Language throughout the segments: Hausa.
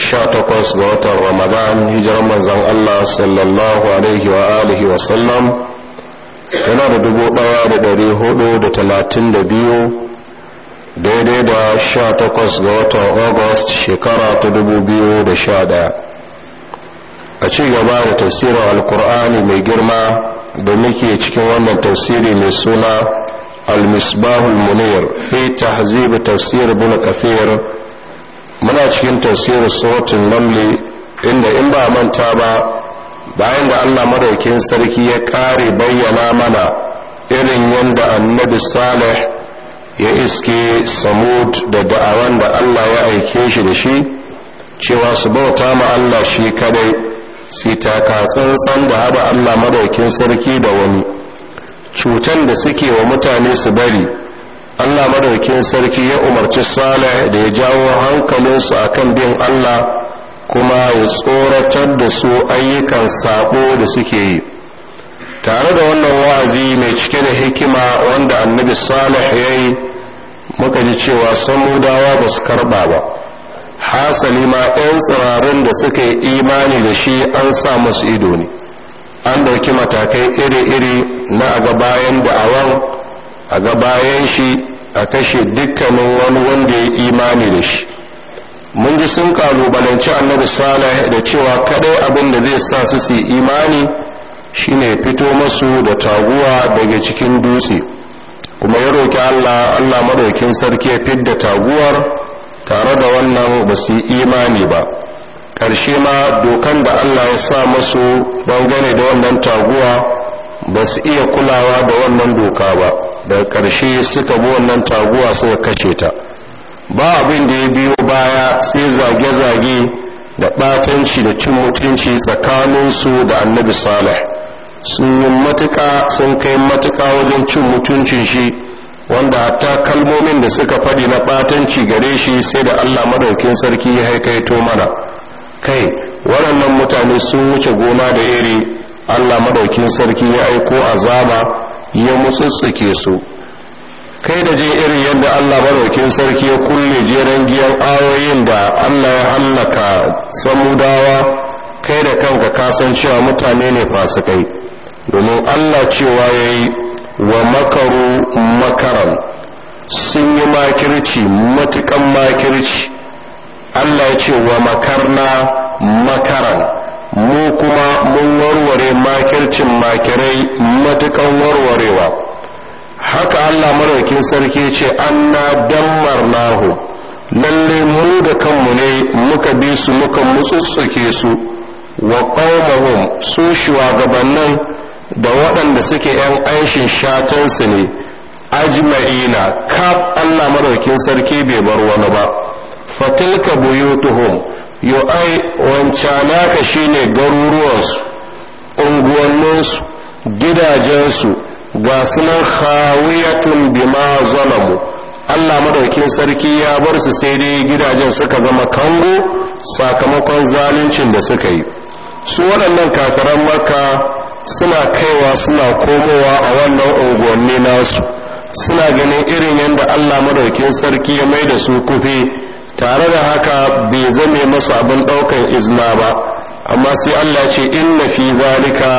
18 ga watan ramadan hijiran manzan allah sallallahu alaihi wa alihi wa sallam yana da dubu ɗaya da dari hudu da talatin da biyu daidai da sha ga watan august shekara ta dubu biyu da sha daya a ci gaba da tafsirin alkur'ani mai girma da muke cikin wannan tafsiri mai suna al-misbahul munir fi tahzib tafsir ibn kathir muna cikin tafsirin suratul namli inda in ba manta ba bayan da Allah madaukin sarki ya kare bayyana mana irin yanda annabi salih ya iske samud da da'awan da Allah ya aike shi da shi cewa su bauta ma Allah shi kadai sai taka tsantsan da haɗa Allah madaukin sarki da wani cutan da suke wa mutane su bari Allah madaukin sarki ya umarci Salih da ya jawo hankalinsu akan bin Allah kuma ya tsoratar da su ayyukan sabo da suke yi tare da wannan wa'azi mai cike da hikima wanda annabi Salih ya yi muka ji cewa samudawa ba su karba ba hasali ma 'yan tsirarin da suka yi imani da shi an sa masu ido ne an ɗauki matakai iri-iri na a ga bayan da'awan a ga bayan shi a kashe dukkanin wani wanda ya imani da shi mun ji sun kalubalanci annabi salih da cewa kadai abin da zai sa su su imani shine fito masu da taguwa daga cikin dutse kuma ya roki allah allah madaukin sarki ya fidda taguwar tare da wannan ba su imani ba ƙarshe ma dokan da allah ya sa masu bangare da wannan taguwa ba su iya kulawa da wannan doka ba daga ƙarshe suka bi wannan taguwa suka kashe ta ba abin da ya biyo baya sai zage-zage da batanci da cin mutunci tsakaninsu da annabi salih sun yi matuƙa sun kai matuka wajen cin mutuncin shi wanda hatta kalmomin da suka faɗi na ɓatanci gare shi sai da allah madaukin sarki ya haikaito mana kai waɗannan mutane sun wuce gona da iri allah madaukin sarki ya aiko azaba ya mutsutsuke su kai da jin irin yadda Allah maraukin sarki ya kulle jeren giyan ayoyin da Allah ya hallaka samudawa kai da kanka kasan cewa mutane ne fasikai domin Allah cewa ya yi wa makaru makaran sun yi makirci matukan makirci Allah ya ce wa makarna makaran mu kuma mun warware makircin makirai matukan warwarewa haka allah maraukin sarki ce an na dammar nahu lalle mu da kanmu ne muka bi su muka mutsutsuke su wa ƙaumahum su shugabannin da waɗanda suke 'yan aishin shatansu ne ajma'ina kaf allah maraukin sarki bai bar wani ba fatilka buyutuhum yo ai wancanaka shine garuruwansu unguwanninsu gidajensu ga sunan bi bima zalamu Allah madaukin sarki ya bar su sai dai gidajen suka zama kango sakamakon zaluncin da suka yi su waɗannan kafiran maka suna kaiwa suna komowa a wannan unguwanni nasu suna ganin irin yadda Allah madaukin sarki ya mai da su kufe tare da haka bai zame masu abin ɗaukan izina ba amma sai Allah ce inna fi zalika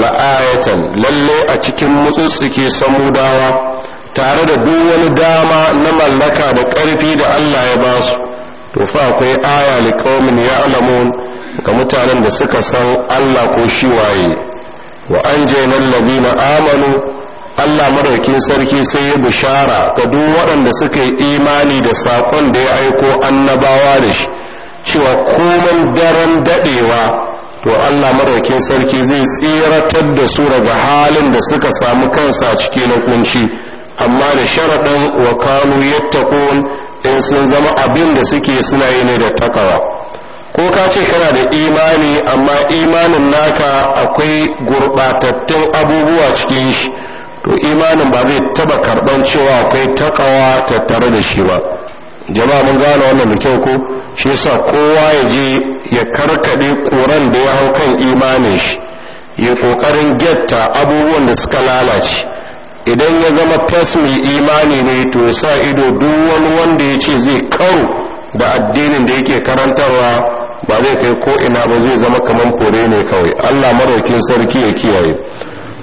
la'ayatan lalle a cikin samu samudawa tare da duk wani dama na mallaka da ƙarfi da Allah ya basu su to fa akwai aya liqaumin ya'lamun ga mutanen da suka san Allah ko shi waye wa anjayna alladhina amanu Allah madaukin sarki sai ya bishara ga duk waɗanda suka yi imani da saƙon da ya aiko annabawa da shi cewa komai daren daɗewa to Allah madaukin sarki zai tsiratar da su daga halin da suka samu kansa a ciki na kunci amma da sharaɗin wa kanu yattaqun in sun zama abin da suke suna yi ne da takawa ko ka ce kana da imani amma imanin naka akwai gurɓatattun abubuwa cikin shi to imanin ba zai taba karban cewa akwai takawa tattare da shi ba jama'a mun gane wannan da kyau ko shi yasa kowa ya je ya karkade koran da ya hau kan imanin shi ya kokarin getta abubuwan da suka lalace idan ya zama fes imani ne to ya sa ido duk wani wanda ya ce zai karo da addinin da yake karantarwa ba zai kai ko ina ba zai zama kamar fure ne kawai allah maraukin sarki ya kiyaye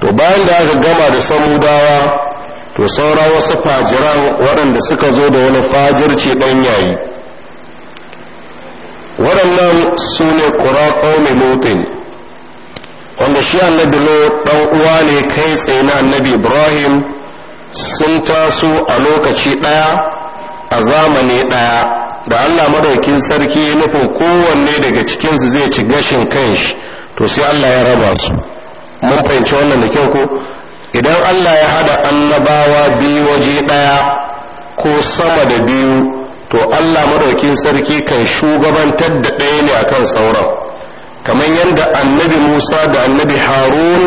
to bayan da aka gama da samudawa to saura wasu fajiran waɗanda suka zo da wani fajirci ɗan yayi waɗannan su ne kura ƙaunin lotin wanda shi annabi lo ɗan uwa ne kai tsaye na annabi ibrahim sun taso a lokaci ɗaya a zamani ɗaya da allah maɗaukin sarki ya nufin kowanne daga cikinsu zai ci gashin kanshi to sai allah ya raba su mun fahimci wannan da kyau ko idan allah ya hada annabawa biyu waje daya ko sama da biyu to allah madaukin sarki kan shugabantar da ɗaya ne akan sauran kamar yadda annabi musa da annabi harun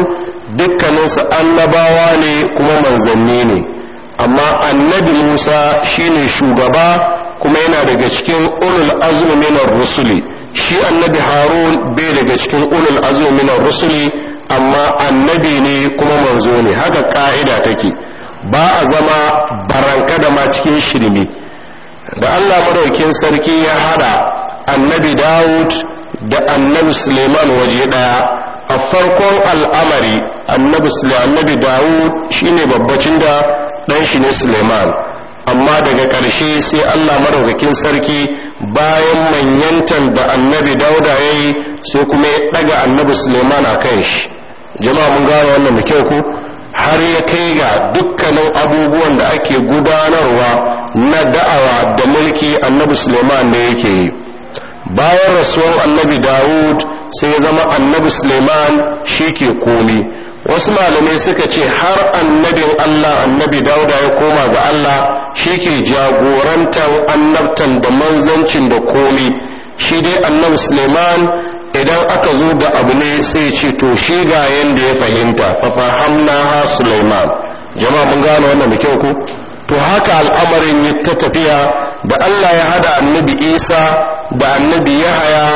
dukkaninsu annabawa ne kuma manzanni ne amma annabi musa shine shugaba kuma yana daga cikin ulul azumi minar rusuli shi annabi harun bai daga cikin ulul azumi minar rusuli amma annabi ne kuma manzo ne haka ka'ida take ba a zama baranka da ma cikin shirme da allah madaukin sarki ya hada annabi dawud da annabi suleiman waje daya a farkon al'amari annabi annabi dawud shine babbacin da dan shi ne suleiman amma daga ƙarshe sai allah madaukakin sarki bayan manyantan da annabi dauda ya yi sai kuma ya ɗaga annabi suleiman a kan shi jama'a mun gano wannan da kyau ko har ya kai ga dukkanin abubuwan da ake gudanarwa na da'awa da mulki annabi suleiman ne yake yi bayan rasuwar annabi dawud sai ya zama annabi suleiman shi ke komi wasu malamai suka ce har annabin allah annabi dauda ya koma ga allah shi ke jagorantar annabtan da manzancin da komi shi dai annabi suleiman idan aka zo da abu ne sai ce to shi ga yanda ya fahimta fa fahamna ha Sulaiman jama'a mun gano wannan da kyau ko to haka al'amarin ya ta tafiya da Allah ya hada annabi Isa da annabi Yahaya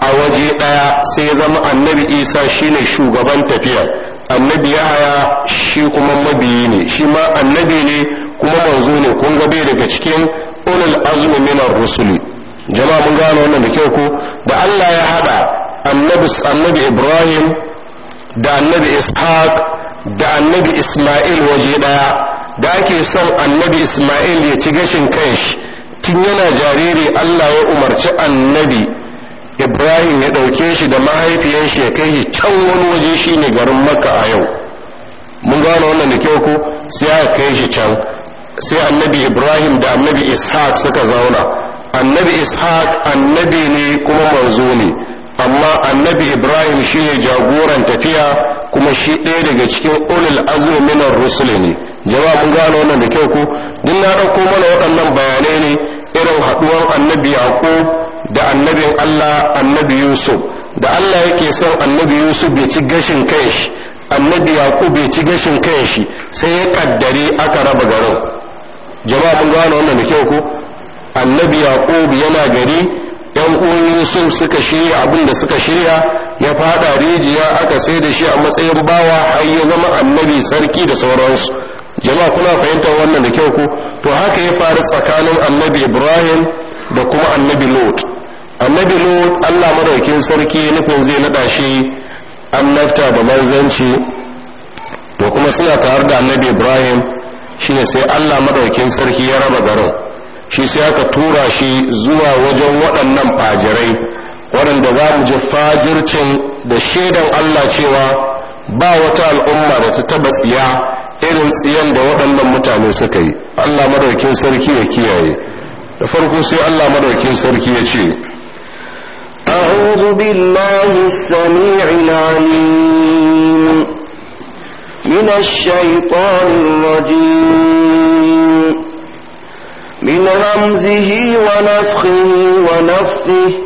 a waje daya sai ya zama annabi Isa shine shugaban tafiya annabi Yahaya shi kuma mabiyi ne shi ma annabi ne kuma manzo ne kun ga bai daga cikin ulul azmi minar rusuli jama'a mun gano wannan da kyau ko da Allah ya hada annabi ibrahim da annabi ishaq da annabi isma'il waje daya da ake son annabi isma'il ya ci gashin kanshi tun yana jariri allah ya umarci annabi ibrahim ya ɗauke shi da mahaifiyar shi ya kai shi can wani waje shine garin makka a yau mun gano wannan da kyau ko sai aka kai shi can sai annabi ibrahim da annabi ishaq suka zauna annabi ishaq annabi ne kuma manzo ne amma annabi ibrahim shi ne jagoran tafiya kuma shi ɗaya daga cikin ulul azmi minar rusul ne jama'a kun gano wannan da kyau ku duk na ɗauko mana waɗannan bayanai ne irin haɗuwar annabi yaqub da annabin allah annabi yusuf da allah yake son annabi yusuf bai ci gashin shi annabi yaqub bai ci gashin shi sai ya kaddare aka raba garin jama'a kun gano wannan da kyau ku annabi yaqub yana gari yan uwan yusuf suka shirya abin da suka shirya ya fada rijiya aka sai da shi a matsayin bawa har ya zama annabi sarki da sauransu jama'a kuna fahimtar wannan da kyau ko to haka ya faru tsakanin annabi ibrahim da kuma annabi lot annabi lot allah madaukin sarki nufin zai nada shi annabta da manzanci to kuma suna tare da annabi ibrahim shine sai allah madaukin sarki ya raba garin shi sai aka tura shi zuwa wajen waɗannan fajirai waɗanda za mu ji fajircin da shaidan Allah cewa ba wata al'umma da ta taba tsiya irin tsiyan da waɗannan mutane suka yi Allah madaukin sarki ya kiyaye da farko sai Allah madaukin sarki ya ce أعوذ بالله السميع العليم من الشيطان الرجيم من رمزه ونفخه ونفثه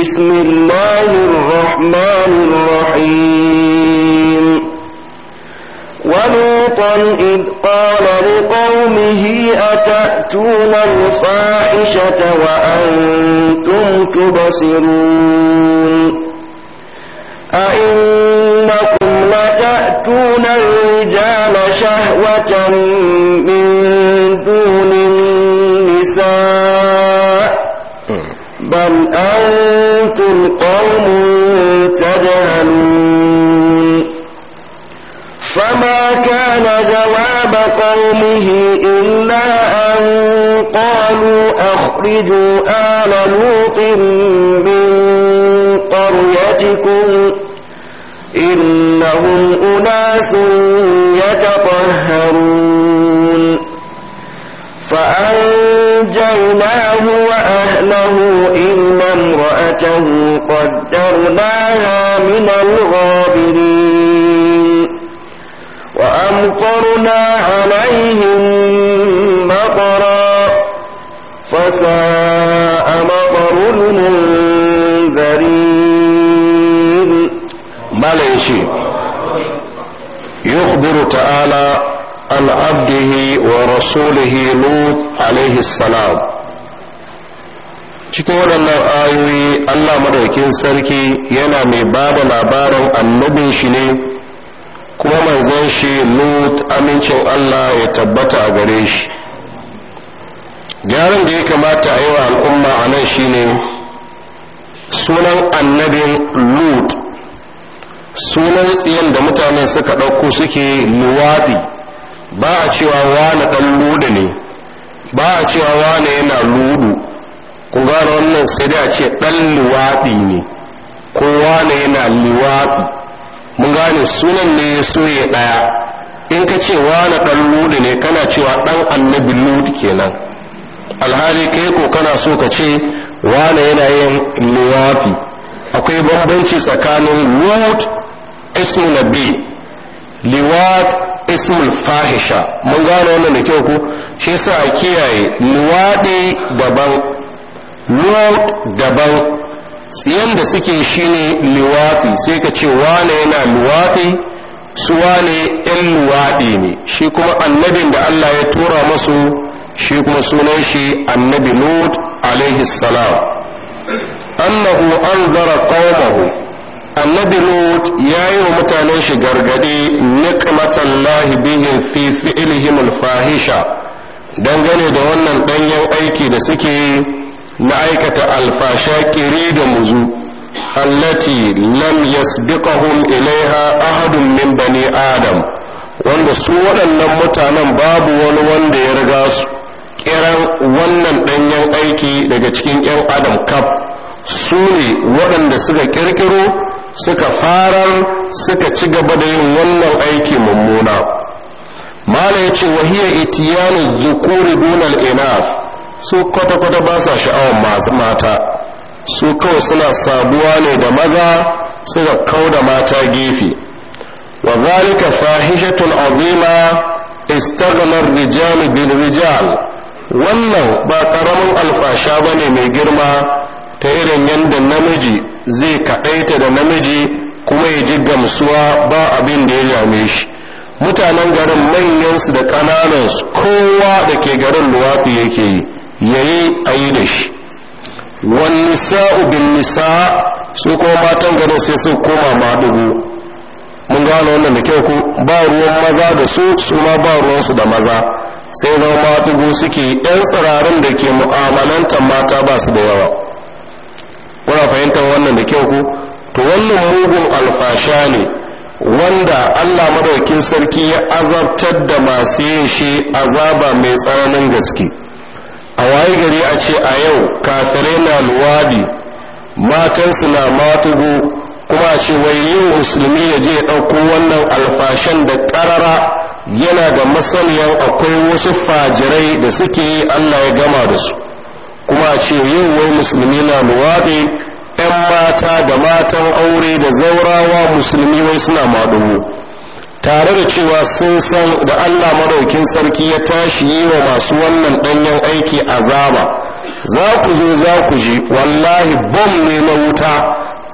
بسم الله الرحمن الرحيم ولوطا إذ قال لقومه أتأتون الفاحشة وأنتم تبصرون أئنكم لتأتون الرجال شهوة من دون النساء بل أنتم قوم تجهلون فما كان جواب قومه إلا أن قالوا أخرجوا آل لوط من قريتكم إنهم أناس يتطهرون فأنجيناه وأهله إلا امرأته قدرناها من الغابرين وأمطرنا عليهم مطرا فساء مطر المنذرين mala ya ce yukhbiru ta'ala al'abdihi wa rasulihi lut alaihi salam cikin waɗannan ayoyi allah madaukin sarki yana mai ba da labarin annabin shi ne kuma manzan shi lut amincin allah ya tabbata a gare shi gyaran da ya kamata a yi wa al'umma a nan shine sunan annabin lut sunan tsiyan da mutane suka ɗauko suke luwaɗi ba a cewa wane ɗan luɗu ne ba a cewa wane yana luɗu ku gane wannan sai dai a ce ɗan luwaɗi ne ko wane yana luwaɗi mun gane sunan ne ya soye ɗaya in ka ce wane ɗan luɗu ne kana cewa ɗan annabi luɗu kenan alhali kai ko kana so ka ce wane yana yin luwaɗi akwai bambanci tsakanin lord ismu nabi liwat ismul fahisha mun gane wannan da kyau ko shi yasa a kiyaye luwaɗi daban luwat daban tsiyan da suke shine liwaɗi sai ka ce wane yana luwaɗi su wane yan luwaɗi ne shi kuma annabin da Allah ya tura masu shi kuma sunan shi annabi lut alaihi salam annahu anzara qaumahu annabi lut ya yi wa mutanen shi gargaɗi nikmatan lahi bihin fi fi'ilhim alfahisha dangane da wannan danyen aiki da suke na aikata alfasha kiri da muzu allati lam yasbiqahum ilaiha ahadun min bani adam wanda su waɗannan mutanen babu wani wanda ya riga su kiran wannan danyen aiki daga cikin 'yan adam kaf su ne waɗanda suka ƙirƙiro suka farar suka ci gaba da yin wannan aiki mummuna mala ya ce itiyani itiyanu zukuri dunal inaf su kwata-kwata ba sa sha'awar masu mata su kawai suna sabuwa ne da maza suka kau da mata gefe wa zalika fahishatun azima istagnar rijal bil rijal wannan ba karamin alfasha bane mai girma ta irin yadda namiji zai kaɗaita da namiji kuma ya ji gamsuwa ba abin da ya jame shi mutanen garin manyansu da ƙananansu kowa da ke garin luwafi yake yi yayi a yi da shi wani sa'u bin nisa su kuma matan garin sai sun koma madugu mun gano wannan da kyau ku ba ruwan maza da su su ma ba ruwansu da maza sai na madugu suke yan tsirarin da ke mu'amalantar mata ba su da yawa kuna fahimtar wannan da kyau ko to wannan mugun alfasha ne wanda allah madaukin sarki ya azabtar da masu yin shi azaba mai tsananin gaske a waye gari a ce a yau kafirai na luwadi matansu na matugu kuma ce wai yin musulmi ya je ya ɗauko wannan alfashan da ƙarara yana da masaniyan akwai wasu fajirai da suke yi allah ya gama da su kuma ce yau wai musulmi na luwaɗe ‘yan mata da matan aure da zaurawa musulmi wai suna maɗubu. tare da cewa sun san da allah maɗaukin sarki ya tashi yi wa masu wannan ɗanyen aiki azaba za ku zo za ku ji wallahi bom ne na wuta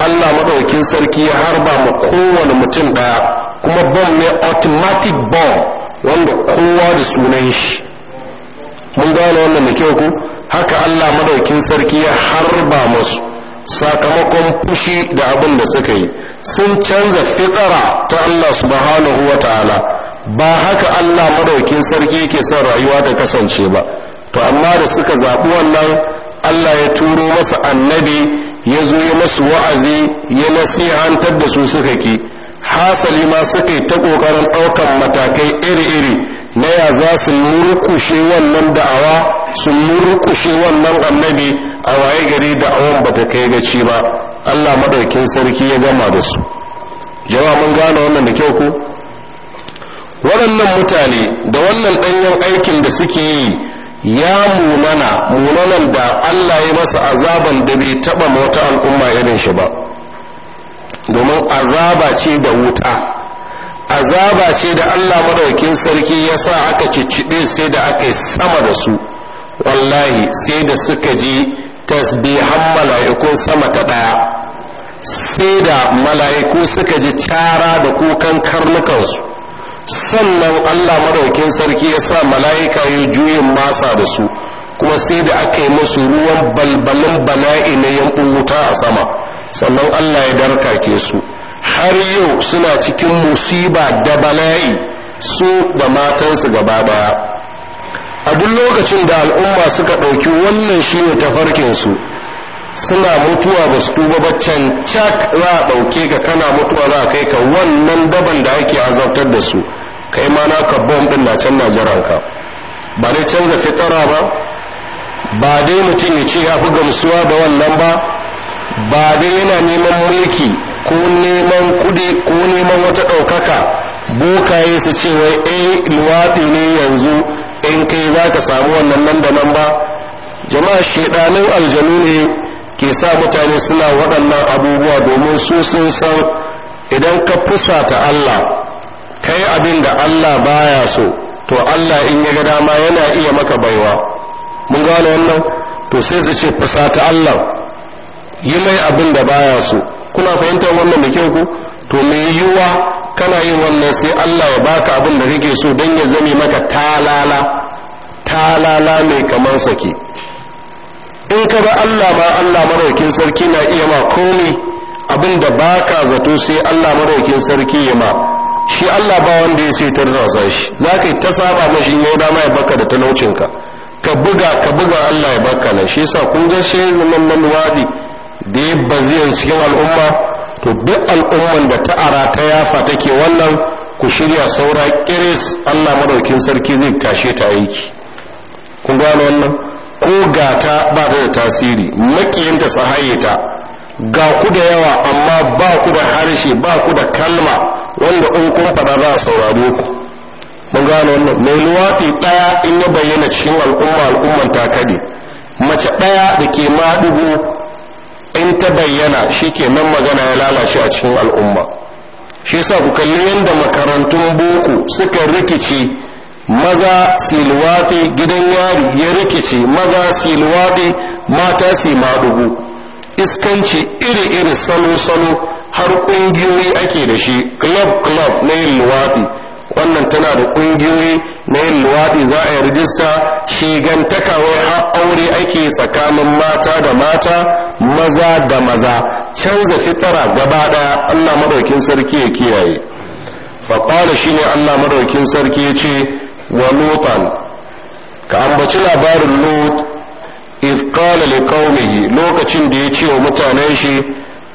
allah maɗaukin sarki ya harba ma kowane mutum ɗaya kuma bom ne automatic bomb wanda kowa da sunan shi mun gane wannan da kyau ku haka allah madaukin sarki ya harba musu sakamakon fushi da abin da suka yi sun canza fitsara ta allah subhanahu wa ta'ala ba haka allah madaukin sarki yake son rayuwa ta kasance ba to amma da suka zaɓi wannan allah ya turo masa annabi ya zo ya masu wa'azi ya nasihantar da su suka ki hasali ma suka yi ta ƙoƙarin ɗaukar matakai iri-iri na ya za su murkushe wannan da'awa su murkushe wannan annabi a waye gari da'awan ba ta kai gaci ba allah madaukin sarki ya gama da su jawa mun gane wannan da kyau ko waɗannan mutane da wannan ɗanyen aikin da suke yi ya munana munanan da allah ya masa azaban da bai taɓa wata al'umma irin shi ba domin azaba ce da wuta azaba ce da Allah madaukin sarki ya sa aka cicciɓe sai da aka yi sama da su wallahi sai da suka ji tasbihan mala'iku sama ta ɗaya sai da mala'iku suka ji cara da kukan karnukansu sannan Allah madaukin sarki ya sa mala'ika ya juyin masa da su kuma sai da aka yi musu ruwan balbalin bala'i na 'yan wuta a sama sannan Allah ya darka ke su har yau suna cikin musiba da bala'i su da matansu gaba daya a duk lokacin da al'umma suka ɗauki wannan shi ne tafarkinsu suna mutuwa ba su tuba ba can cak za a ɗauke ka kana mutuwa za a kai ka wannan daban da ake azabtar da su kai ma na bom ɗin na can na jiranka ba dai canza fitara ba ba dai mutum ya ce ya fi gamsuwa da wannan ba ba dai yana neman mulki ko neman kudi ko neman wata ɗaukaka bokaye su ce wai a eh, luwaɗi ne yanzu in kai za ka samu wannan nan da nan ba jama'a shaidanin aljanu ne ke sa mutane suna waɗannan abubuwa domin su sun san idan ka fusata allah kai abin da allah baya so to allah in ya ga dama yana iya maka baiwa mun gane wannan to sai su ce fusata allah yi mai abin da baya so kuna fahimtar wannan da kyau ku to me yiwuwa kana yin wannan sai Allah ya baka abin da kake so dan ya zame maka talala talala mai kamar sake in ka ba Allah ma Allah madaukin sarki na iya ma komai abin da baka zato sai Allah madaukin sarki ya ma shi Allah ba wanda ya sai tarzasa shi za ka ta saba mashi yau dama ya baka da talaucin ka ka buga ka buga Allah ya baka na shi yasa kun ga shehu nan wadi da ya cikin al'umma to duk al'umman da ta'ara ta yafa take wannan ku shirya saura kiris allah madaukin sarki zai tashe ta aiki kun gano wannan ko gata ba ta da tasiri makiyinta su haye ta ga ku da yawa amma ba ku da harshe ba ku da kalma wanda in kun fada za a saurare ku mun gano wannan mai luwafi ɗaya in ya bayyana cikin al'umma al'umman ta kade mace ɗaya da ke maɗigo. in ta bayyana shi nan magana ya lalace a cikin al'umma shi yasa ku kalli yadda makarantun boko suka rikice maza silwaɗe gidan yari ya rikice maza silwaɗe mata si maɗugu iskanci iri-iri salo-salo har ƙungiyoyi ake da shi club-club na yin luwaɗi wannan tana da ƙungiyoyi na yin luwaɗi za a yi rijista shigantaka wai har aure ake tsakanin mata da mata maza da maza canza fitara gaba daya Allah madaukin sarki ya kiyaye faƙwada shine Allah madaukin sarki ya ce wa lutan ka ambaci labarin lut iz qala lokacin da ya ce wa mutanen shi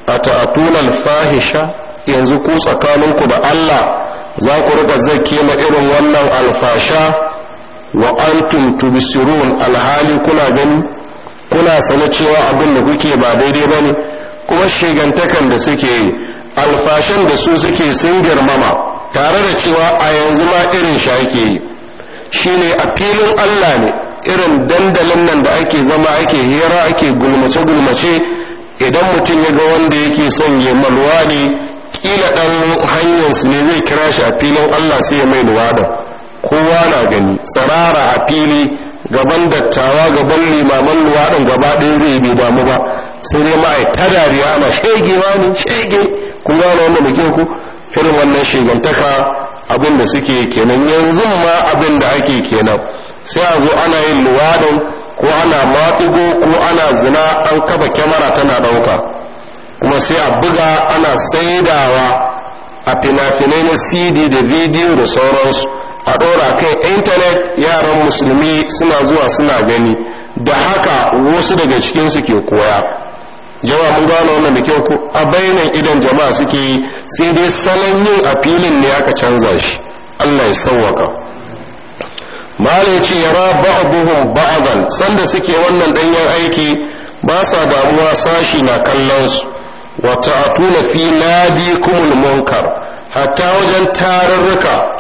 a al-fahisha yanzu ku tsakaninku da Allah za ku riƙa zakke ma irin wannan alfasha wa antum tubsirun alhali kuna gani kuna sana cewa abin da kuke ba daidai ba ne kuma shigantakan da suke yi alfashan da su suke sun girmama tare da cewa a yanzu ma irin shi ake yi ne a filin allah ne irin dandalin nan da ake zama ake hira ake gulmace-gulmace idan mutum ya ga wanda yake son ya maluwa ne kila ɗan hanyarsu ne zai kira shi a filin allah sai ya mai luwadan kowa na gani tsarara a fili gaban dattawa gaban limaman luwaɗin gaba ɗaya zai bai damu ba sai dai ma'ai ta dariya ana shege ne shege kun gano wanda muke ku firin wannan shigantaka abin da suke kenan yanzu ma abin da ake kenan sai a zo ana yin luwaɗin ko ana matugo ko ana zina an kafa kyamara tana ɗauka kuma sai a buga ana saidawa a fina-finai na cd da bidiyo da sauransu a ɗora kai intanet yaran musulmi suna zuwa suna gani da haka wasu daga cikinsu ke koya jama'a mun gano wannan da kyau a bainan idan jama'a suke yi sai dai salon yin a filin ne aka canza shi allah ya sauwaka mala ya ce yara ba'abuhum ba'adan sanda suke wannan danyen aiki ba sa damuwa sashi na kallon su wata a fi nadi kumul munkar hatta wajen tarurruka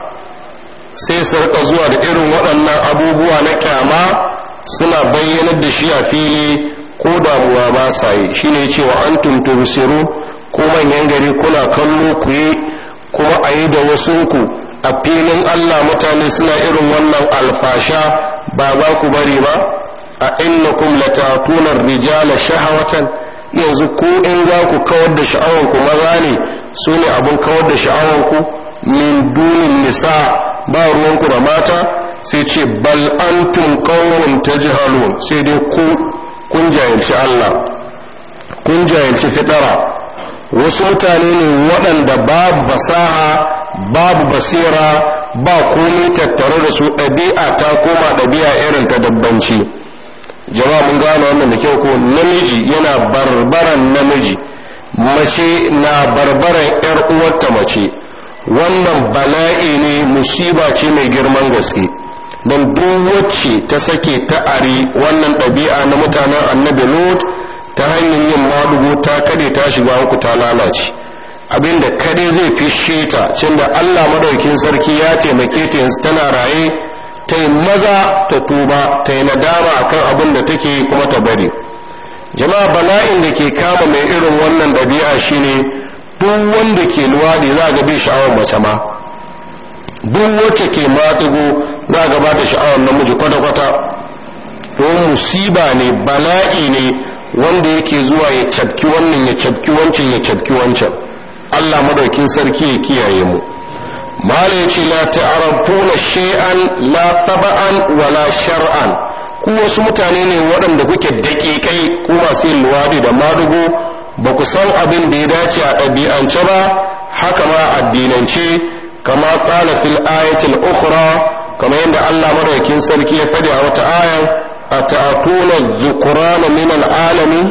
sai su rika zuwa da irin waɗannan abubuwa na kyama suna bayyanar da shi a fili ko damuwa ba sa yi shine cewa an antum siru ko manyan gari kuna kallo ku yi kuma a yi da wasunku a filin allah mutane suna irin wannan alfasha ba za ku bari ba a innakum latatuna rijala shahawatan yanzu ko in za ku kawar da sha'awanku maza ne su ne abin kawar da sha'awanku min dunin nisa ba ruwanku da mata sai ce bal antum qaumun tajhalun sai dai ku kun jahilci Allah kun jahilci fitara wasu mutane ne waɗanda babu basaha babu basira ba komai tattare da su ɗabi'a ta koma ɗabi'a irin ta dabbanci jama'a mun gane wannan da kyau ko namiji yana barbaran namiji mace na barbaran 'yar uwarta mace wannan bala'i ne musiba ce mai girman gaske don duk wacce ta sake ta'ari wannan ɗabi'a na mutanen annabi lot ta hanyar yin madugo ta kade ta shiga uku ta lalace abinda kare zai fishe ta cin da allah maɗaukin sarki ya taimake ta yanzu tana raye ta yi maza ta tuba ta yi nadama a kan abin da take kuma ta bari jama'a bala'in da ke kama mai irin wannan ɗabi'a shine duk wanda ke luwaɗi za ga bai sha'awar mace ma duk wacce ke matugo za ga ba da sha'awar namiji kwata-kwata don musiba ne bala'i ne wanda yake zuwa ya cafki wannan ya cafki wancan ya cafki wancan allah madaukin sarki ya kiyaye mu mala ya ce la ta'arafuna shay'an la taba'an wala shar'an ku wasu mutane ne waɗanda kuke daƙiƙai ko masu yin luwaɗi da madugo ba ku san abin da ya dace a ɗabi'ance ba haka ma addinance kama ƙala fil ayatil ukhra kama yadda Allah madaukakin sarki ya fadi a wata aya a ta'atuna dhukrana min alalami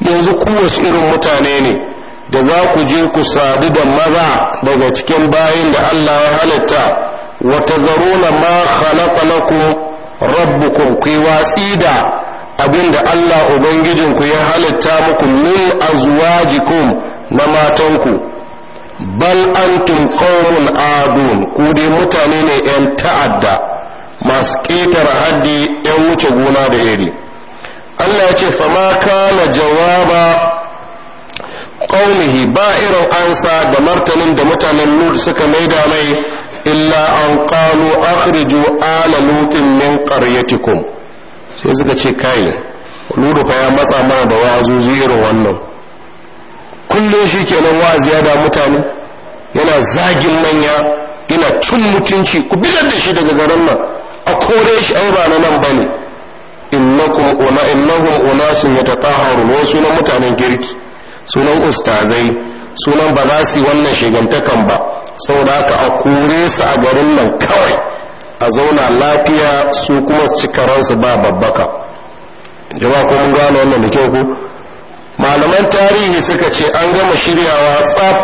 yanzu kowace irin mutane ne da za ku je ku sadu da maza daga cikin bayin da Allah ya halitta wa tazaruna ma khalaqa lakum rabbukum ku watsi da abinda allah ubangijinku ya halitta muku min azwajikum na matanku bal antum qaumun adun ku dai mutane ne yan ta'adda masu ƙetar haddi yan wuce gona da iri allah ya ce fama kana jawaba qaumihi ba irin ansa da martanin da mutanen lud suka maida mai illa an qalu akhriju ala lutin min qaryatikum sai suka ce kai nudu fa ya matsa mana da wa'azuzi irin wannan kullum shi ke nan wa'azi ya da mutane yana zagin manya yana tun mutunci ku bilar da shi daga garin nan a kore shi an rana nan ba ne innakum una innahum unasun yatatahharun wa sunan mutanen girki sunan ustazai sunan ba za su wannan shigantakan ba saboda haka a kore su a garin nan kawai a zauna lafiya su kuma su cika ransu ba babbaka jama ko mun gano wannan da kyau ku malaman tarihi suka ce an gama shiryawa tsaf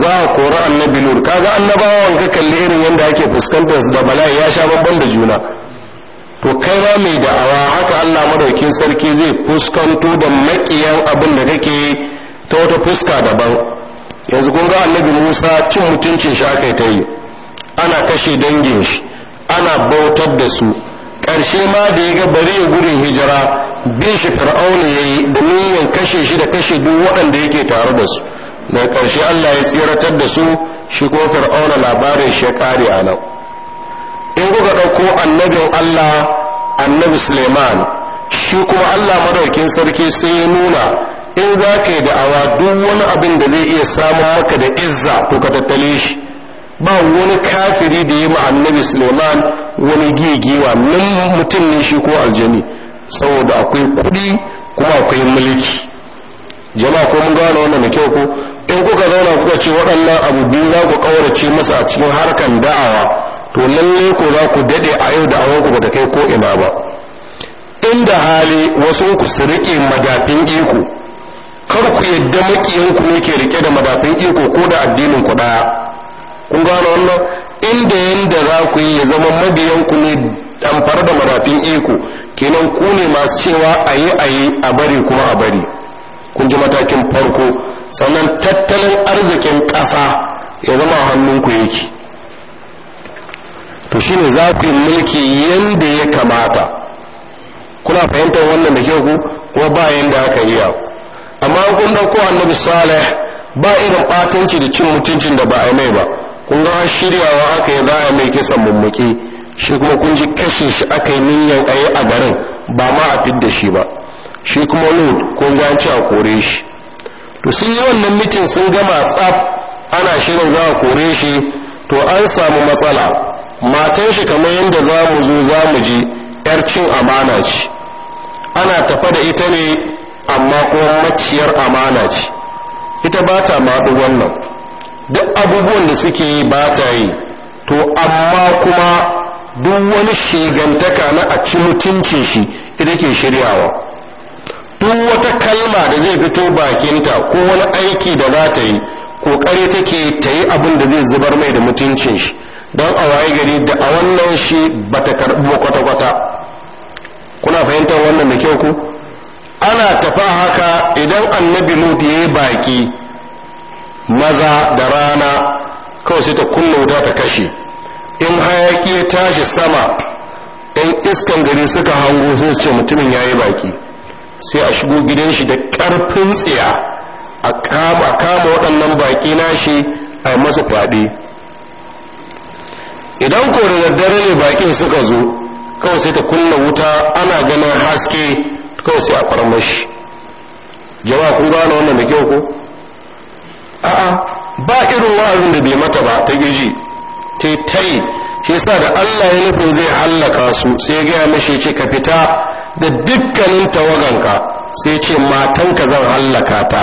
za a kori annabi nur kaga annabawa wanka kalli irin yadda ake fuskantar su da bala'i ya sha babban da juna to kai ma mai da'awa haka Allah madaukin sarki zai fuskanto da makiyan abin da kake ta wata fuska daban yanzu kun ga annabi Musa cin mutuncin shi aka yi ta yi ana kashe dangin shi ana bautar da su ƙarshe ma da ya ga bari ya gudun hijira bin shi fir'auna ya yi da niyyar kashe shi da kashe duk waɗanda yake tare da su da ƙarshe allah ya tsiratar da su shi ko fir'auna labarin shi ya ƙare a nan in kuka ɗauko annabin allah annabi suleiman shi kuma allah madaukin sarki sai ya nuna in za ka yi da'awa duk wani abin da zai iya samun maka da izza ko ka tattale shi ba wani kafiri da ya ma annabi suleiman wani gigiwa nan mutum ne shi ko aljani saboda akwai kuɗi kuma akwai mulki jama'a ko mun gane wannan da kyau ko in kuka zauna kuka ce waɗannan abu biyu za ku ƙaurace masa a cikin harkan da'awa to lalle ko za ku dade a yau da ku ba ta kai ko ina ba inda hali wasu ku su rike madafin iko kar ku yadda makiyanku ne ke riƙe da madafin iko ko da addinin ku ɗaya kun gano wannan inda yanda za ku yi ya zama mabiyan ku ne damfar da marafin iko kenan ku ne masu cewa a yi a bari kuma a bari kun ji matakin farko sannan tattalin arzikin ƙasa ya zama hannunku yake to shine za ku yi mulki yanda ya kamata kuna fahimtar wannan da kyau ku kuma ba yadda aka yi amma kun dauko annabi salih ba irin ɓatanci da cin mutuncin da ba a mai ba kun ga shiryawa aka yi baya mai kisan mummuke shi kuma kun ji kashe shi aka yi niyyar ayi a garin ba ma a fidda shi ba shi kuma lord kun ga ci a kore shi to sun yi wannan mitin sun gama tsaf ana shirin za a kore shi to an samu matsala matan shi kamar yadda za mu zo za mu ji yar cin amana ce ana tafa da ita ne amma kuma maciyar amana ce ita ba ta maɗu wannan duk abubuwan da suke yi ba ta yi to amma kuma duk wani shigantaka na a ci mutuncin shi ita ke shiryawa duk wata kalma da zai fito bakinta ko wani aiki da za ta yi kokari take ta yi abin da zai zubar mai da mutuncin shi don a waye gari da a wannan shi ba ta karɓi kwata-kwata kuna fahimtar wannan da kyau ku ana tafa haka idan annabi lodi ya yi baki maza da rana kawai sai ta kunna wuta ta kashe in hayaki ya tashi sama in iskan gari suka hango sun ce mutumin ya yi baki sai a shigo gidan shi da ƙarfin tsiya a kama waɗannan baƙi nashi a masa fyaɗe idan ko da daddare ne bakin suka zo kawai sai ta kunna wuta ana ganin haske kawai sai a farmashi jama'a kun gane wannan da kyau ko a'a ba irin wa'azin da bai mata ba ta giji ta tai shi yasa da Allah ya nufin zai hallaka su sai ya gaya mashi ce ka fita da dukkanin tawaganka sai ce matanka zan hallaka ta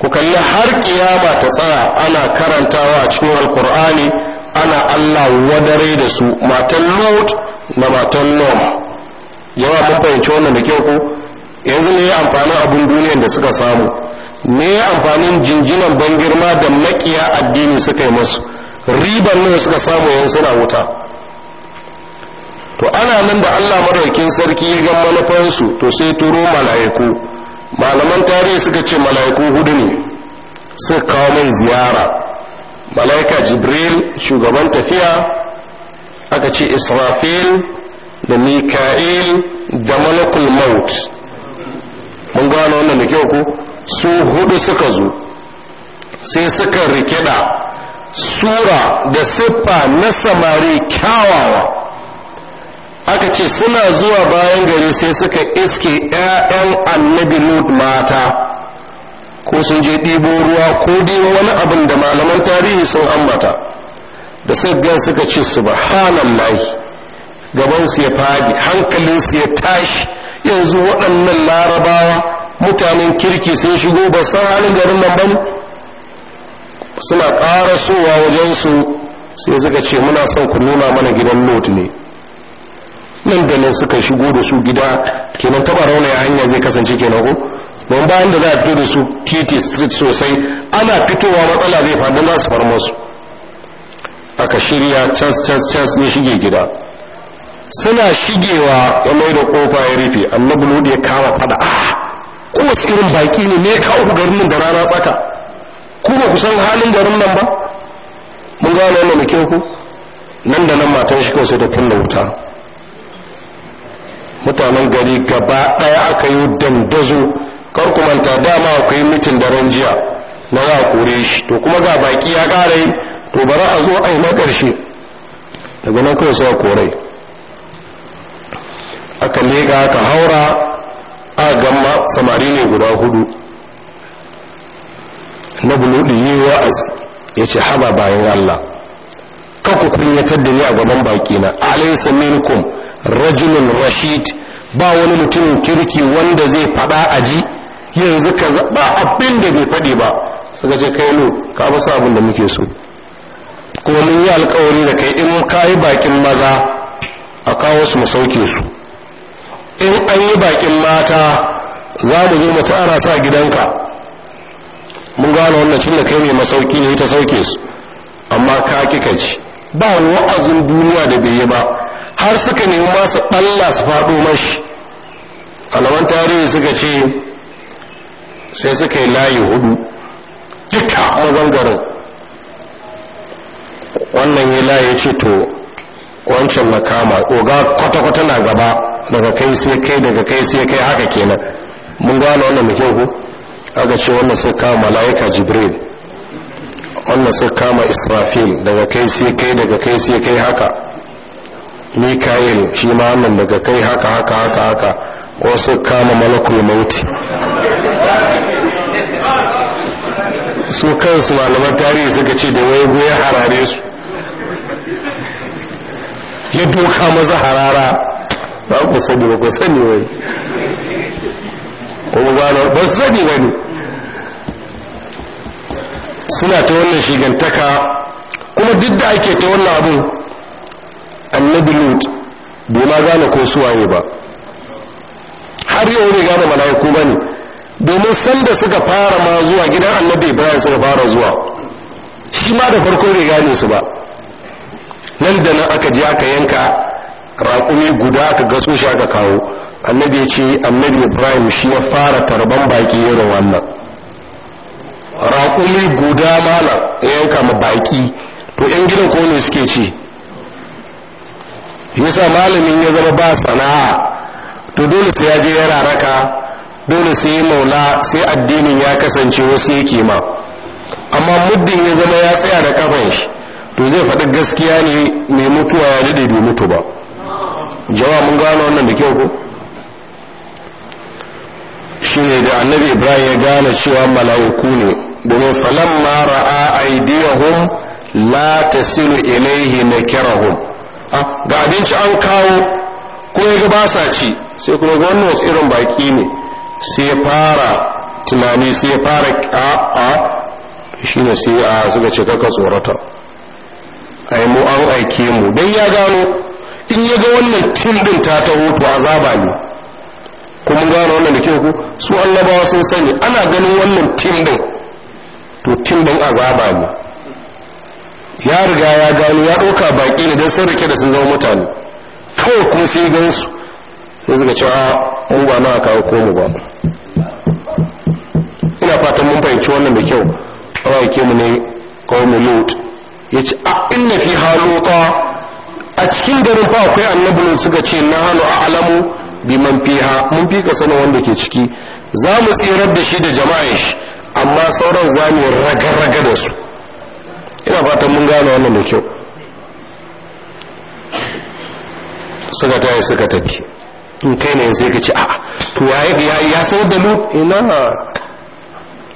ku kalli har kiyama ta tsaya ana karantawa a cikin alkur'ani ana allah wadare da su matan lot da matan nom yawa mun fahimci wannan da kyau ku? yanzu ne ya amfanin abin duniyan da suka samu me amfanin jinjinan ban girma da makiya addini suka yi masu riban ne suka samu yan suna wuta to ana nan da allah madaukin sarki ya ga manufansu to sai turo mala'iku malaman tarihi suka ce mala'iku hudu ne suka kawo mai ziyara mala'ika jibril shugaban tafiya aka ce israfil da mika'il da malakul maut mun gano wannan da kyau ko su hudu suka zo sai suka rike da sura da siffa na samari kyawawa aka ce suna zuwa bayan gari sai suka iske 'ya'yan annabi lut mata ko sun je ɗibo ruwa ko dai wani abin da malaman tarihi sun ambata da sabgan suka ce su gaban gabansu ya fadi hankalinsu ya tashi yanzu waɗannan larabawa mutanen kirki sun shigo ba san halin garin nan ba suna ƙarasowa wajensu sai suka ce muna son ku nuna mana gidan lot ne nan da nan suka shigo da su gida kenan taɓa ya hanya zai kasance kenan ko don bayan da za a fito da su titi street sosai ana fitowa matsala zai faɗi za su far masu aka shirya chance chance chance ne shige gida suna shigewa ya mai da kofa ya rufe annabi lodi ya kama fada ah kowace irin baki ne ne kawo garin da rana tsaka ku ba ku san halin garin nan ba mun gane wannan da kyau ku nan da nan matan shi kawai sai da da wuta mutanen gari gaba ɗaya aka yi dandazo kar ku manta dama akwai mutun da ran jiya na za a kore shi to kuma ga baki ya kara yi to bara a zo a yi na karshe daga nan kawai sai a kore aka leka aka haura a gamma samari ne guda hudu na buluɗi yi wa'az ya ce haba bayan allah ka ku kunyatar da ni a gaban na alaisa minkum rajulun rashid ba wani mutumin kirki wanda zai faɗa ji yanzu ka zaɓa abin da bai faɗi ba suka ce kai lo ka ba abin da muke so kuma mun yi alkawari da kai in ka yi bakin maza a kawo su mu sauke su in an yi bakin mata za mu zo mace ana sa gidanka mun gane wannan cin da kai mai masauki ne ta sauke su amma ka kika ci ba wa'azin duniya da bai yi ba har suka nemi masu ɓalla su faɗo mashi alaman tarihi suka ce sai suka yi layi hudu duka mazan wannan ya layi ce to wancan na kama oga kwata-kwata na gaba daga kai sai kai daga kai sai kai haka kenan mun gane wannan da kyau ko aka ce wannan sai kama malaika jibril wannan sai kama israfil daga kai sai kai daga kai sai kai haka mikael shi ma wannan daga kai haka haka haka haka ko sai kama malakul mauti su kansu malaman tarihi suka ce da wai goyon harare su ya doka maza harara ba ku sani ba ku sani wani kuma na ba su sani wani suna ta wannan shigantaka kuma duk da ake ta wannan abin annabi lut bai ma gane ko waye ba har yau bai gane mala'iku ba ne domin sanda suka fara ma zuwa gidan annabi ibrahim suka fara zuwa shi ma da farko bai gane su ba nan da nan aka je aka yanka raƙumi guda aka ga shi aka kawo annabi ya ce annabi ibrahim shi ya fara tarban baki irin wannan raƙumi guda mana yanka ma baki to yan gidan ko suke ci yasa malamin ya zama ba sana'a to dole sai ya je ya raraka dole sai ya maula sai addinin ya kasance wasu yake ma amma muddin ya zama ya tsaya da kafan shi to zai faɗi gaskiya ne mai mutuwa ya daɗe bai mutu ba jawa mun gano wannan da kyau ko shi ne da annabi ibrahim ya gane cewa malauku ne domin a aidiya hun la ta tasilu ilaihi hun ah, ga abinci an kawo ko ya ba sa ci sai kuma ga wannan wasu irin baki ne sai ya fara tunani sai ya fara shi ne sai a ah, suka ce kaka tsorata ai mu an aike mu dan ya gano in ya ga wannan tim din ta taho to azaba ne kuma gano wannan da ke ku su annabawa sun sani ana ganin wannan tim din to tim din azaba ne ya riga ya gano ya ɗauka baƙi ne don san rike da sun zama mutane kawai kuma sai gan su sai suka cewa mu ba na kawo ko mu ba ina fatan mun fahimci wannan da kyau kawai ke mu ne kawai mu ya ce a ah, inna fi haluta a cikin garin fa akwai annabi suka ce na halu a alamu bi man fiha mun fi ka sanin wanda ke ciki za mu tsirar da shi da jama'in shi amma sauran za mu raga-raga da su ina fatan mun gane wannan da kyau suka tayi suka tafi in kai ne sai ka ce a ah, to ya ya sanar da mu ina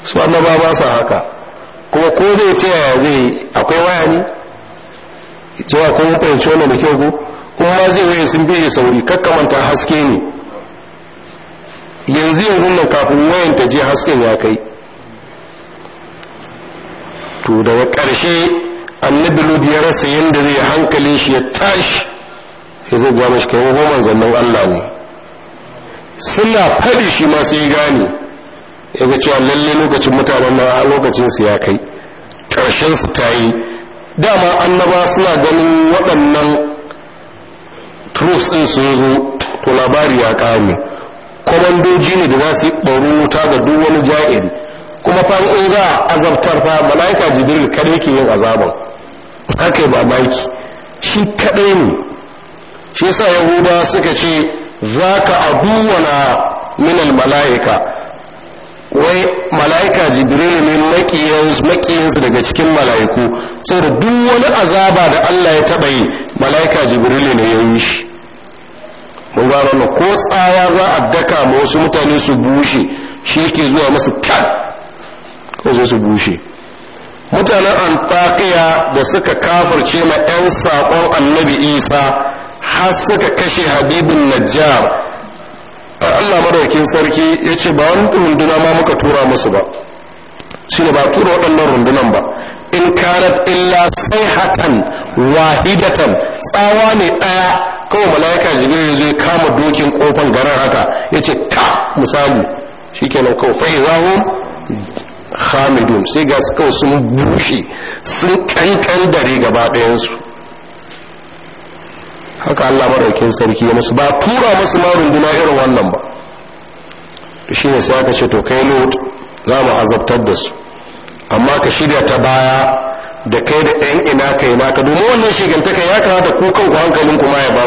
su annaba ba su haka kuma ko zai ce yaya zai akwai waya ne cewa ko fahimci wannan da kyau ko kuma ma zai waya sun biye sauri kakkamanta haske ne yanzu yanzu nan kafin wayan ta je hasken ya kai to daga ƙarshe annabi lud ya rasa yadda zai hankalin shi ya tashi ya zai gama shi kai manzannin allah ne suna faɗi shi ma sai gane yaga cewa lalle lokacin mutanen ma lokacin su ya kai karshen su ta yi dama annaba suna ganin waɗannan troops ɗin sun zo to labari ya ƙame kwamandoji ne da za su yi ɓaru wuta ga duk wani ja'iri kuma fa in za a azabtar fa mala'ika jibril kada ke yin azaban haka yi mamaki shi kaɗai ne shi yasa yahuda suka ce za ka aduwana minal mala'ika wai mala'ika jibril ne makiyansu daga cikin mala'iku saboda duk wani azaba da Allah ya taɓa yi mala'ika jibril ne ya yi shi ko tsaya za a daka ma wasu mutane su bushe shi yake zuwa masu kyan ko zai su bushe mutanen antakiya da suka kafarce ma 'yan saƙon annabi isa har suka kashe habibin najjar Allah madaukin sarki ya ce ba wani runduna ma muka tura musu ba shi ba tura waɗannan rundunan ba in kanat illa sayhatan wahidatan tsawa ne ɗaya kawai malaika jibril zai kama dokin kofan garin haka ya ce ka misali shikenan kawai fa'izahu khamidun sai ga kawai sun bushe sun kankan dare gaba ɗayansu haka Allah maraikin sarki ya musu ba tura musu ma runduna irin wannan ba to shine sai ce to kai lot za mu azabtar da su amma ka shirya ta baya da kai da ɗan ina kai ka domin wannan shigantaka ya kamata ku kanku hankalin kuma ya ba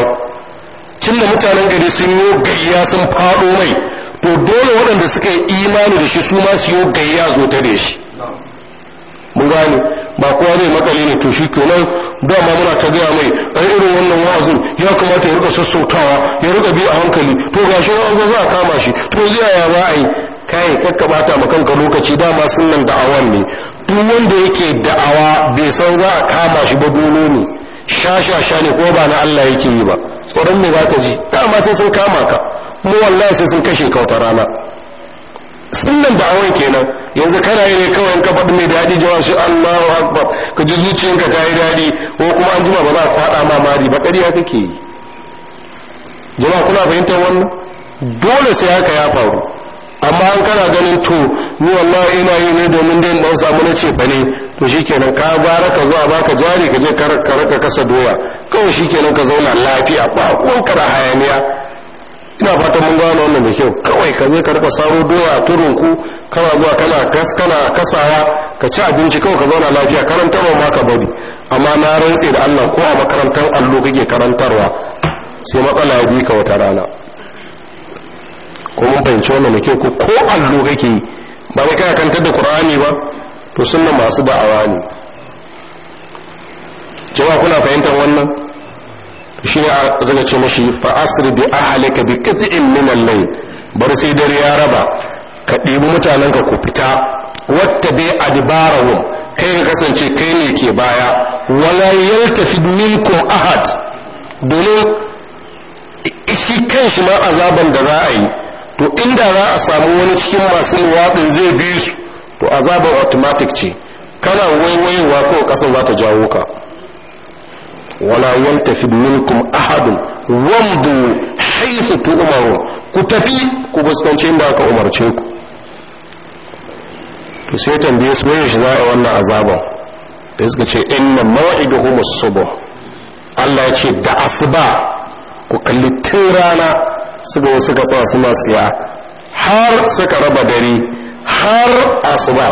cin da mutanen gari sun yi gayya sun faɗo mai to dole waɗanda suka yi imani da shi su ma su yi gayya zo ta da shi mun gane ba kowa zai makale ne to shi kenan dama muna ta gaya mai a irin wannan wa'azin ya kamata ya rika sassautawa ya rika bi a hankali to ga shi wa'azin za a kama shi to zai ya za a yi kai kakka bata ma kanka lokaci dama sun nan da'awan ne duk wanda yake da'awa bai san za a kama shi ba dole ne shashasha ne ko ba na Allah yake yi ba tsoron me za ka ji dama sai sun kama ka mu wallahi sai sun kashe ka wata rana sunan da'awan kenan yanzu kana yi ne kawai ka faɗi mai daɗi jawa shi Allahu Akbar ka ji zuciyanka ta yi daɗi ko kuma an jima ba za a faɗa ma mari ba ƙarya kake yi jama kuna fahimtar wannan dole sai haka ya faru amma an kana ganin to ni wallahi ina yi ne domin dai ban samu na ce ba ne to shikenan ka bara ka zo a baka jari ka je ka raka kasa doya kawai shikenan ka zauna lafiya ba ko da hayaniya ina fatan mun gano wannan da kyau kawai ka je ka rika saro doya a turin ku kana zuwa kana kas kana kasawa ka ci abinci kawai ka zauna lafiya karantarwa ma ka bari amma na rantse da Allah ko a makarantar allo kake karantarwa sai matsala ya bi ka wata rana ko mun fahimci wannan da kyau ko allo kake ba kai kana kantar da Qur'ani ba to sunna masu da'awa ne jawa kuna fahimtar wannan shi ne zana ce mashi fa'asir bi ahalika bi qit'in min al-layl bari sai dare ya raba ka ɗebi mutanenka ku fita wata bai adbarahum kai ka kasance kai ne ke baya wala yaltafid minkum ahad domin shi shi ma azaban da za a yi to inda za a samu wani cikin masu waɗin zai bi su to azaban automatic ce kana waiwaiwa ko ƙasar za ta jawo ka wala yaltafid minkum ahadun wamdu haythu tu'maru ku tafi ku fuskanci inda aka umarce ku to sai tambaye su waye shi za a wannan azaban. da suka ce inna maw'iduhum as-subh Allah ya ce da asuba ku kalli tun rana suka wasu suna siya har suka raba dare har asuba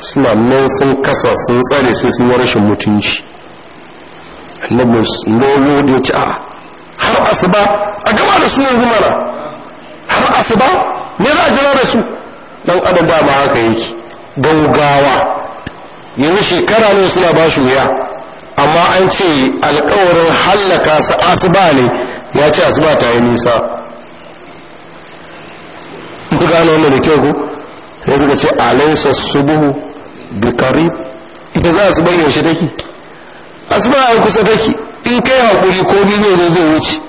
suna nan sun kasa sun tsare sai sun yi rashin mutunci na noyo da ya ci a har asuba a gama da su yanzu mana har asuba ne za a jira da su dan adam dama haka yake gaugawa yanzu shekara ne suna ba shi wuya amma an ce alkawarin hallaka su asuba ne ya ce asuba ta yi nisa ku gano wannan da kyau ko sai suka ce alaisa subuhu bi ita za su bayyana shi take asuba a kusa take in kai haƙuri ko bi zai zai wuce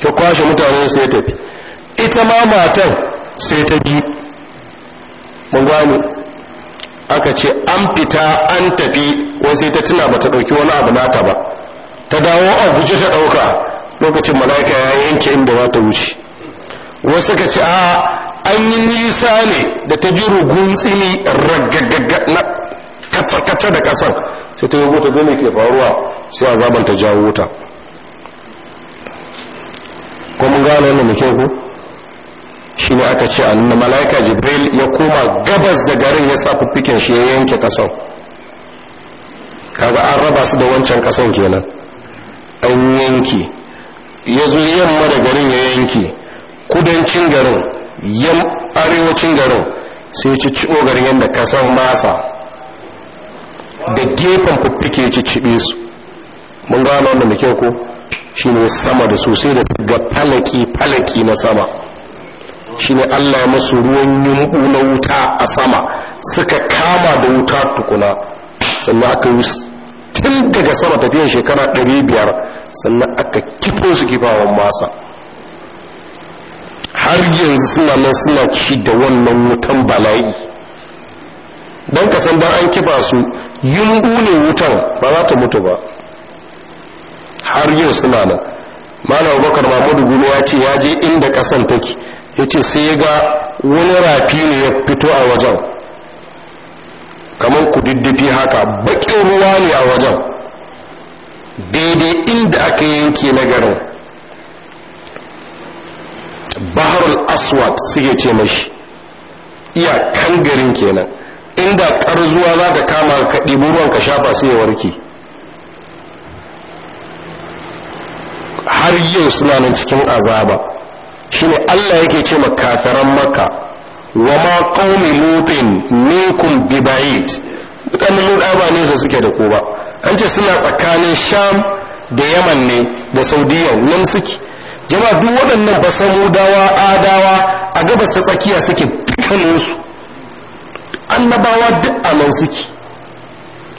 ta kwashe mutane sai tafi ita ma matan sai ta bi mun gane aka ce an fita an tafi ko sai ta tuna ba ta ɗauki wani abu nata ba ta dawo a guje ta ɗauka lokacin mala'ika ya yanke inda za ta wuce wasu ka ce a an yi nisa ne da ta ji rugun tsini ragaggaga na kata-kata da ƙasar sai ta yago ta ke faruwa sai a azaban ta jawo wuta ko mun gane wannan muke ku shi ne aka ce annan mala'ika jibril ya koma gabas da garin ya sa fuffiken shi ya yanke kasan kaga an raba su da wancan kasan kenan an yanke ya zo yamma da garin ya yanke kudancin garin yan arewacin garin sai ci ciwo garin yadda kasan masa da gefen fuffuke ya cicibe su mun gano wannan da kyau ko ne sama da sosai da ga falaki falaki na sama ne Allah masu ruwan yumbu na wuta a sama suka kama da wuta tukuna sannan aka yi tun daga sama tafiyan shekara 500 sannan aka kifo su kifawan masa har yanzu suna nan suna ci da wannan wutan bala'i don kasan don an kifa su yungu ne wutan ba za ta mutu ba har yau suna nan malam bakar mahmudu gulo ya ce ya je inda kasan take ya ce sai ya ga wani rafi ne ya fito a wajen kamar ku kududdufi haka baƙin ruwa ne a wajen daidai inda aka yanke na garin baharul aswad suke ce mashi iya kan garin kenan inda ƙarzuwa za ka kama ka ɗibu ruwan ka shafa sai ya warke har yau suna nan cikin azaba shine Allah yake ce ma kafiran maka wa ma qaumi lutin minkum bibayit ba'id lura ba ne suke da ku ba an ce suna tsakanin sham da yaman ne da saudiya nan suke jama'a duk waɗannan ba dawa adawa a gabas ta tsakiya suke dukkaninsu annabawa duk a nan suke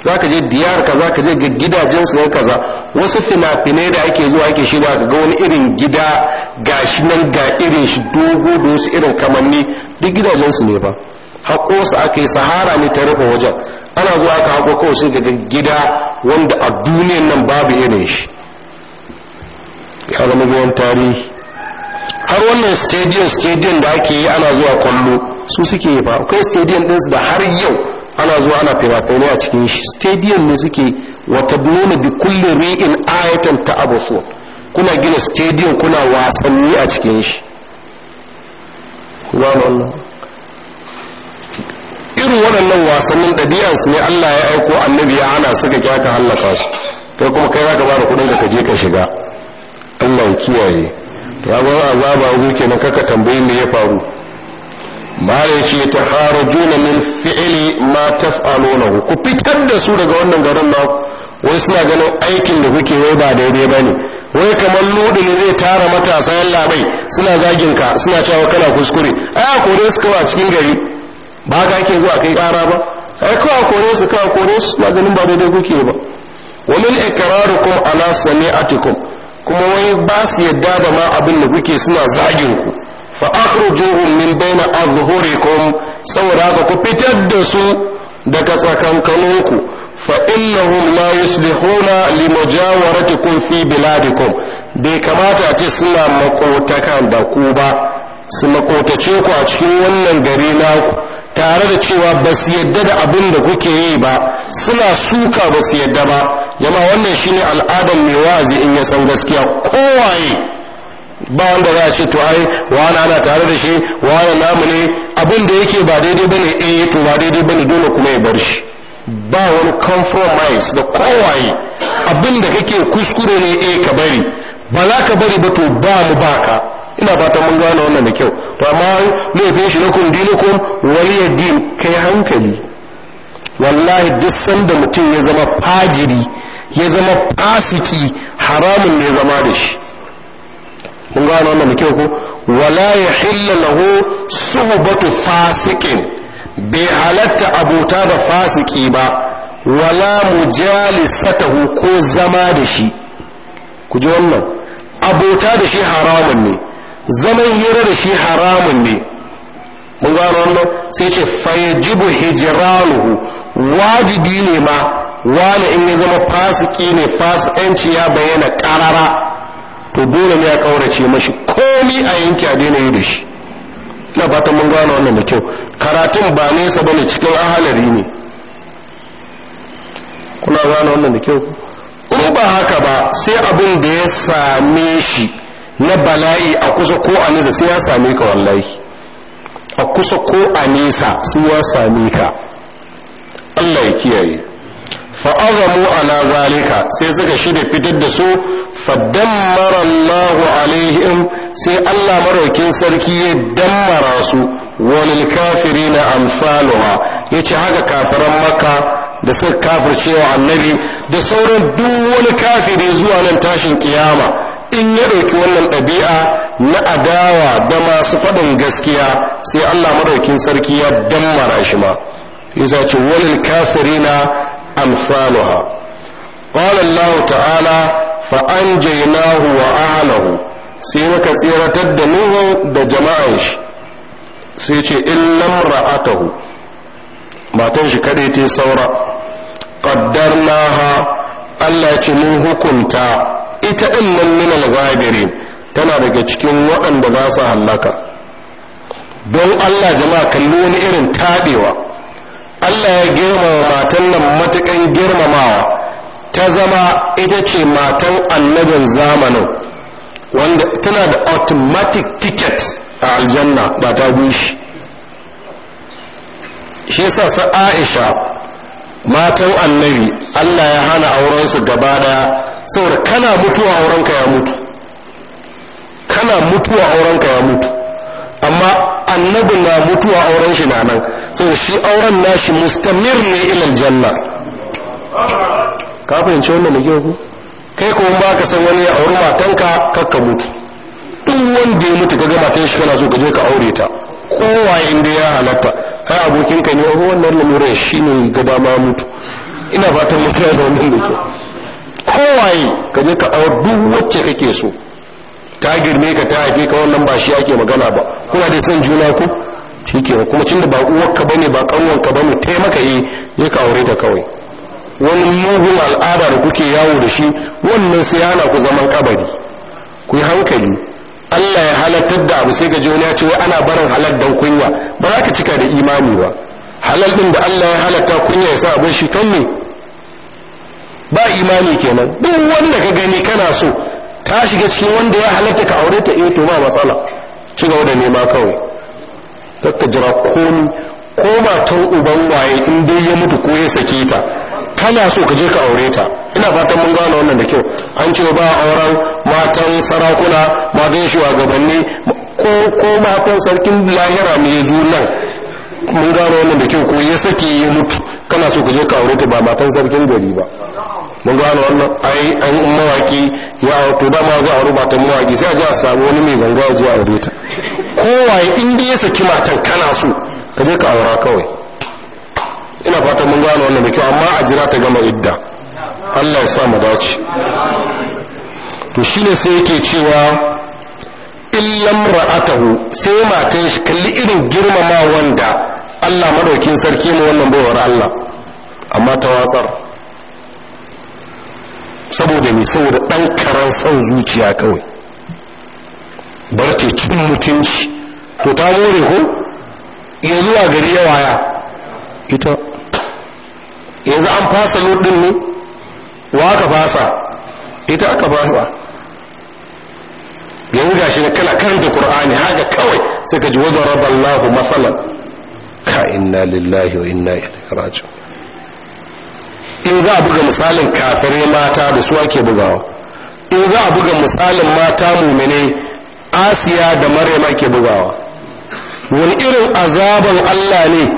za ka je diyar za ka je gidajen su ne kaza wasu fina-finai da ake zuwa ake shi ka ga wani irin gida ga shi nan ga irin shi dogo da wasu irin kamanni duk gidajen su ne ba haƙo su aka yi sahara ne ta rufe wajen ana zuwa aka haƙo kawai sai ga gida wanda a duniyan nan babu irin shi ya zama tarihi har wannan stadium stadium da ake yi ana zuwa kwallo su suke ba kai stadium din da har yau ana zuwa ana fina-finai a cikin shi stadium ne suke wata nuna bi kullum ri'in ayatan ta abusu kuna gina stadium kuna wasanni a cikin shi irin waɗannan wasannin ɗabi'ansu ne allah ya aiko annabi ya ana suka kyaka hallaka su kai kuma kai zaka bada kuɗin ka je ka shiga allah ya kiyaye to azaba zuke na kaka tambayi da ya faru malai ce ta juna min fi'ili ma taf'alunahu ku fitar da su daga wannan garin na wai suna ganin aikin da kuke wai ba daidai bane wai kamar ne zai tara matasa yan labai suna zagin ka suna cewa kana kuskure ai kore su kawai a cikin gari ba ka ke zuwa kai kara ba ai a kore su ka kore su suna ganin ba daidai kuke ba wa min ikrarukum ala sami'atikum kuma wai ba su yadda ba ma abin da kuke suna zagin ku fa akhrujuhum min bayna azhurikum saboda ka ku fitar da su daga tsakankaninku fa innahum la yuslihuna li mujawaratikum fi biladikum bai kamata ce suna makotaka da ku ba su makotace ku a cikin wannan gari naku tare da cewa ba su yadda da abin da kuke yi ba suna suka ba su yadda ba jama wannan shine al'adar mai wa'azi in ya san gaskiya kowaye ba wanda za a ce to ai wani ana tare da shi wani namu ne abin da yake ba daidai bane eh to ba daidai bane dole kuma ya bar shi ba wani compromise da kowaye abin kake kuskure ne eh ka bari ba za ka bari ba to ba mu ba ka ina fata mun gane wannan da kyau to amma laifin shi na kun dinikum waliya din kai hankali wallahi duk sanda mutum ya zama fajiri ya zama fasiki haramun ne zama da shi kun wani wannan kyau ko wala ya yahillu lahu suhbatu fasikin bai halatta abota da fasiki ba wala mujalisatahu ko zama da shi ku ji wannan abota da shi haramun ne zaman hira da shi haramun ne mun gano wannan sai ce fayajibu hijranuhu wajibi ne ma wani in ya zama fasiki ne fasikanci ya bayyana karara to dole ne ya kaurace mashi komi a yanki a daina yi da shi na fatan mun gano wannan da kyau karatun ba nesa bane cikin ahalari ne kuna gano wannan da kyau in ba haka ba sai abin da ya same shi na bala'i a kusa ko a nesa sai ya same ka wallahi a kusa ko a nesa sai ya same ka Allah ya kiyaye fa'azamu ala zalika sai suka shirya fitar da su faddammara Allahu alaihim sai Allah maraukin sarki ya dammara su walil kafirina amsaluha yace haka kafiran makka da suka kafircewa annabi da sauran duk wani kafiri zuwa nan tashin kiyama in ya ɗauki wannan ɗabi'a na adawa da masu faɗin gaskiya sai Allah maraukin sarki ya dammara shi ma yasa walil kafirina أمثالها قال الله تعالى فأنجيناه وأهله سيمك سيرة الدنيا دجمائش سيتي إلا امرأته ما تنشي كديتي سورة قدرناها Allah ce mun hukunta ita ɗin nan tana daga cikin waɗanda za su hallaka don Allah jama'a kalli wani irin taɗewa Allah ya girmama matan nan matukan girmamawa ta zama ita ce matan annabin zamanin wanda tana da automatic ticket a aljanna ba ta gushi shi yasa sa Aisha matan annabi Allah ya hana aurensu gaba daya saboda kana mutuwa aurenka ya mutu kana mutuwa aurenka ya mutu amma annabi na mutuwa auren shi na nan so shi auren nashi mustamir ne ilal janna ka fahimci wannan da gyau kai ko ba ka san wani ya auri matanka kakka mutu duk wanda ya mutu ka gama kai shi kana so ka je ka aure ta kowa inda ya halatta kai abokin ka ne wannan lamuran shi ne gaba ma mutu ina fatan mutuwa da wannan da ke kowaye ka je ka aure duk wacce kake so ta girme ka ta haife ka wannan ba shi yake magana ba kuna da son juna ku shi ke kuma cin da ba uwarka ba ne ba ƙanwanka ba ne taimaka yi eh, ya ka aure ta kawai wani mugun al'ada da kuke yawo da shi wannan sai ana ku zaman kabari ku yi hankali Allah ya halattar da abu sai ga wani ya ce wai ana barin halal dan kunya ba za ka cika da imani ba halal din da Allah ya halatta kunya ya sa abin shi kan ne ba imani kenan duk wanda ka gani kana so ta shiga cikin wanda ya halatta ka aure ta eto eh ma matsala ci gaba da nema kawai ka jira komi ko matar uban waye in dai ya mutu ko ya sake ta kana so ka je ka aure ta ina fatan mun gane wannan da kyau an ce ba auren matan sarakuna matan shugabanni ko ko matan sarkin lahira ne yanzu nan mun gane wannan da kyau ko ya sake ya mutu kana so ka je ka aure ta ba matan sarkin gari ba mun gano wannan ai an mawaki ya to ma za a ruba ta mawaki sai a ji a samu wani mai ganga zuwa a rubuta kowaye in dai ya saki matan kana so ka je ka aura kawai ina fatan mun gano wannan da kyau amma a jira ta gama idda Allah ya sa mu dace to shine sai yake cewa illam ra'atahu sai matan shi kalli irin girmama wanda Allah madaukin sarki mu wannan baiwar Allah amma ta watsar saboda ne saboda ɗan karan son zuciya kawai bar ce cin mutunci to ta more ko ya zuwa gari ya waya ita yanzu an fasa lodin ne wa aka fasa ita aka fasa yanzu ga shi na kala karanta kurani haka kawai sai ka ji wadda raballahu matsalan ka inna lillahi wa inna ilaihi raji'un in za a buga misalin kafirai mata da su ake bugawa in za a buga misalin mata mumine asiya da maryam ake bugawa wani irin azaban allah ne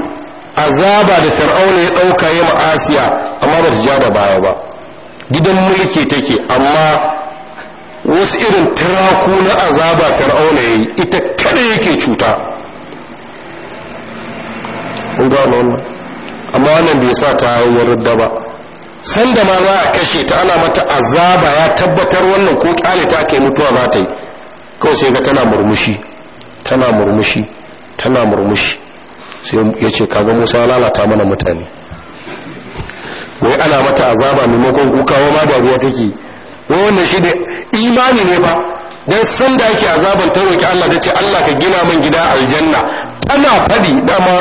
azaba da fir'auna ya ɗauka ya ma asiya amma ba ta jaba baya ba gidan mulki take amma wasu irin tiraku na azaba fir'auna ya yi ita kada yake cuta amma wannan bai sa ta yarda ba sanda ma za a kashe ta ana mata azaba ya tabbatar wannan ko kyale ta ke mutuwa za ta yi kawai sai ga tana murmushi tana murmushi tana murmushi sai ya ce kaga musa lalata mana mutane wai ana mata azaba maimakon kukawa ma da ruwa take wai wannan shi da imani ne ba don sanda da yake azaban ta roki Allah da ce Allah ka gina man gida aljanna tana faɗi dama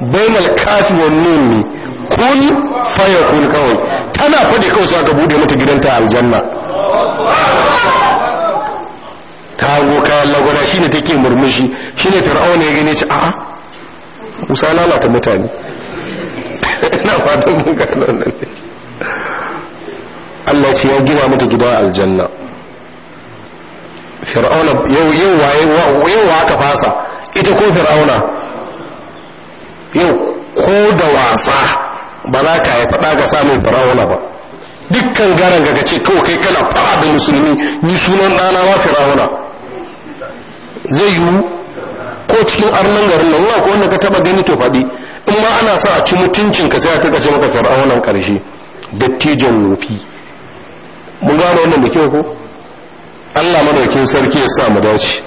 bainal kafi wa ne kun faya kawai tana faɗi kawai sa ka bude mata gidanta aljanna ta hango kayan shi ne take murmushi shi ne fir'auna ya gane ci a'a musa lalata mutane na fatan mun gano nan Allah ce ya gina mata gida aljanna fir'auna yau yau waye yau aka fasa ita ko fir'auna yau ko da wasa ba za ka yi faɗa ga samun firawuna ba dukkan garan ga ce kawai kai kana faɗa da musulmi ni sunan ɗana ba firawuna zai yiwu ko cikin arnan garin nan ko wanda ka taba gani to faɗi in ma ana sa a ci mutuncin ka sai a kaka ce maka fir'aunan ƙarshe dattijan nufi mun gano wannan da kyau ko Allah madaukin sarki ya sa mu dace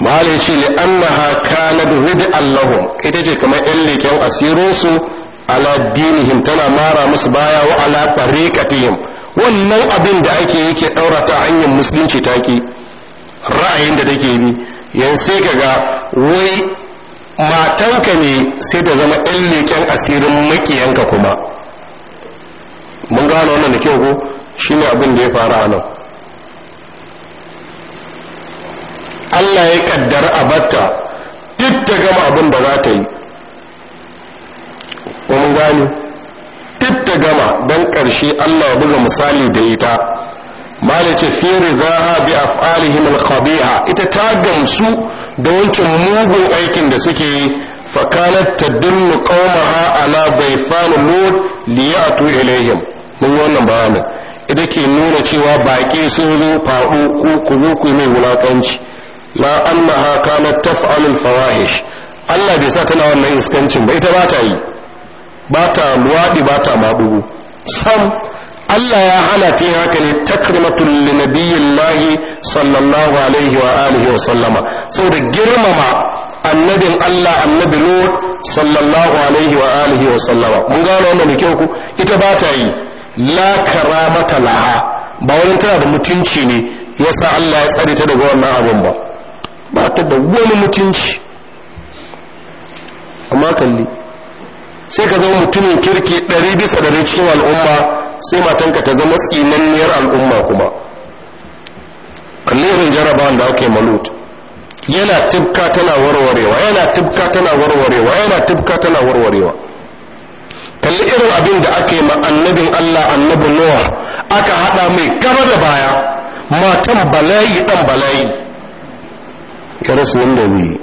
mahala ya ce li annaha kanat rid allahu ita ce kamar yan leken asirinsu ala dinihim tana mara musu baya wa ala tariqatihim wannan abin da ake yake daura ta hanyar musulunci take ra'ayin da take bi yanzu sai kaga wai matanka ne sai ta zama ɗan leƙen asirin makiyanka kuma mun gano wannan da kyau ko shine abin da ya faru a nan Allah ya kaddara abatta duk ta gama abin da za ta yi ko mun gane ta gama don ƙarshe allah buga misali da ita mala ce riga ha bi af'alihim al-qabiha ita ta gamsu da wancan mugun aikin da suke yi fakanat tadullu qaumaha ala bayfan lut liyatu ilaihim mun wannan bayanin ita ke nuna cewa baƙi sun zo faɗo ko ku zo ku mai wulakanci la annaha kanat taf'alul fawahish Allah bai sa tana wannan iskancin ba ita ba ta yi ba ta luwaɗi ba ta maɗugu sam Allah ya hana ta haka ne takrimatul linabiyyin lahi sallallahu alaihi wa alihi wa sallama da girmama annabin Allah annabi Lut sallallahu alaihi wa alihi wa sallama mun gano wannan da kyau ku ita ba ta yi la karamata laha ba wani tana da mutunci ne yasa Allah ya tsare ta daga wannan abin ba ba ta da wani mutunci amma kalli sai ka zama mutumin kirki ɗari bisa ɗari cikin al'umma sai matanka ta zama tsinanniyar al'umma kuma kallirin jarabawan da ake malut yana tibka tana warwarewa yana tibka tana warwarewa yana tibka tana warwarewa kalli irin abin da aka yi ma annabin allah annabi noah aka haɗa mai gaba da baya matan bala'i ɗan bala'i ya rasu wanda zai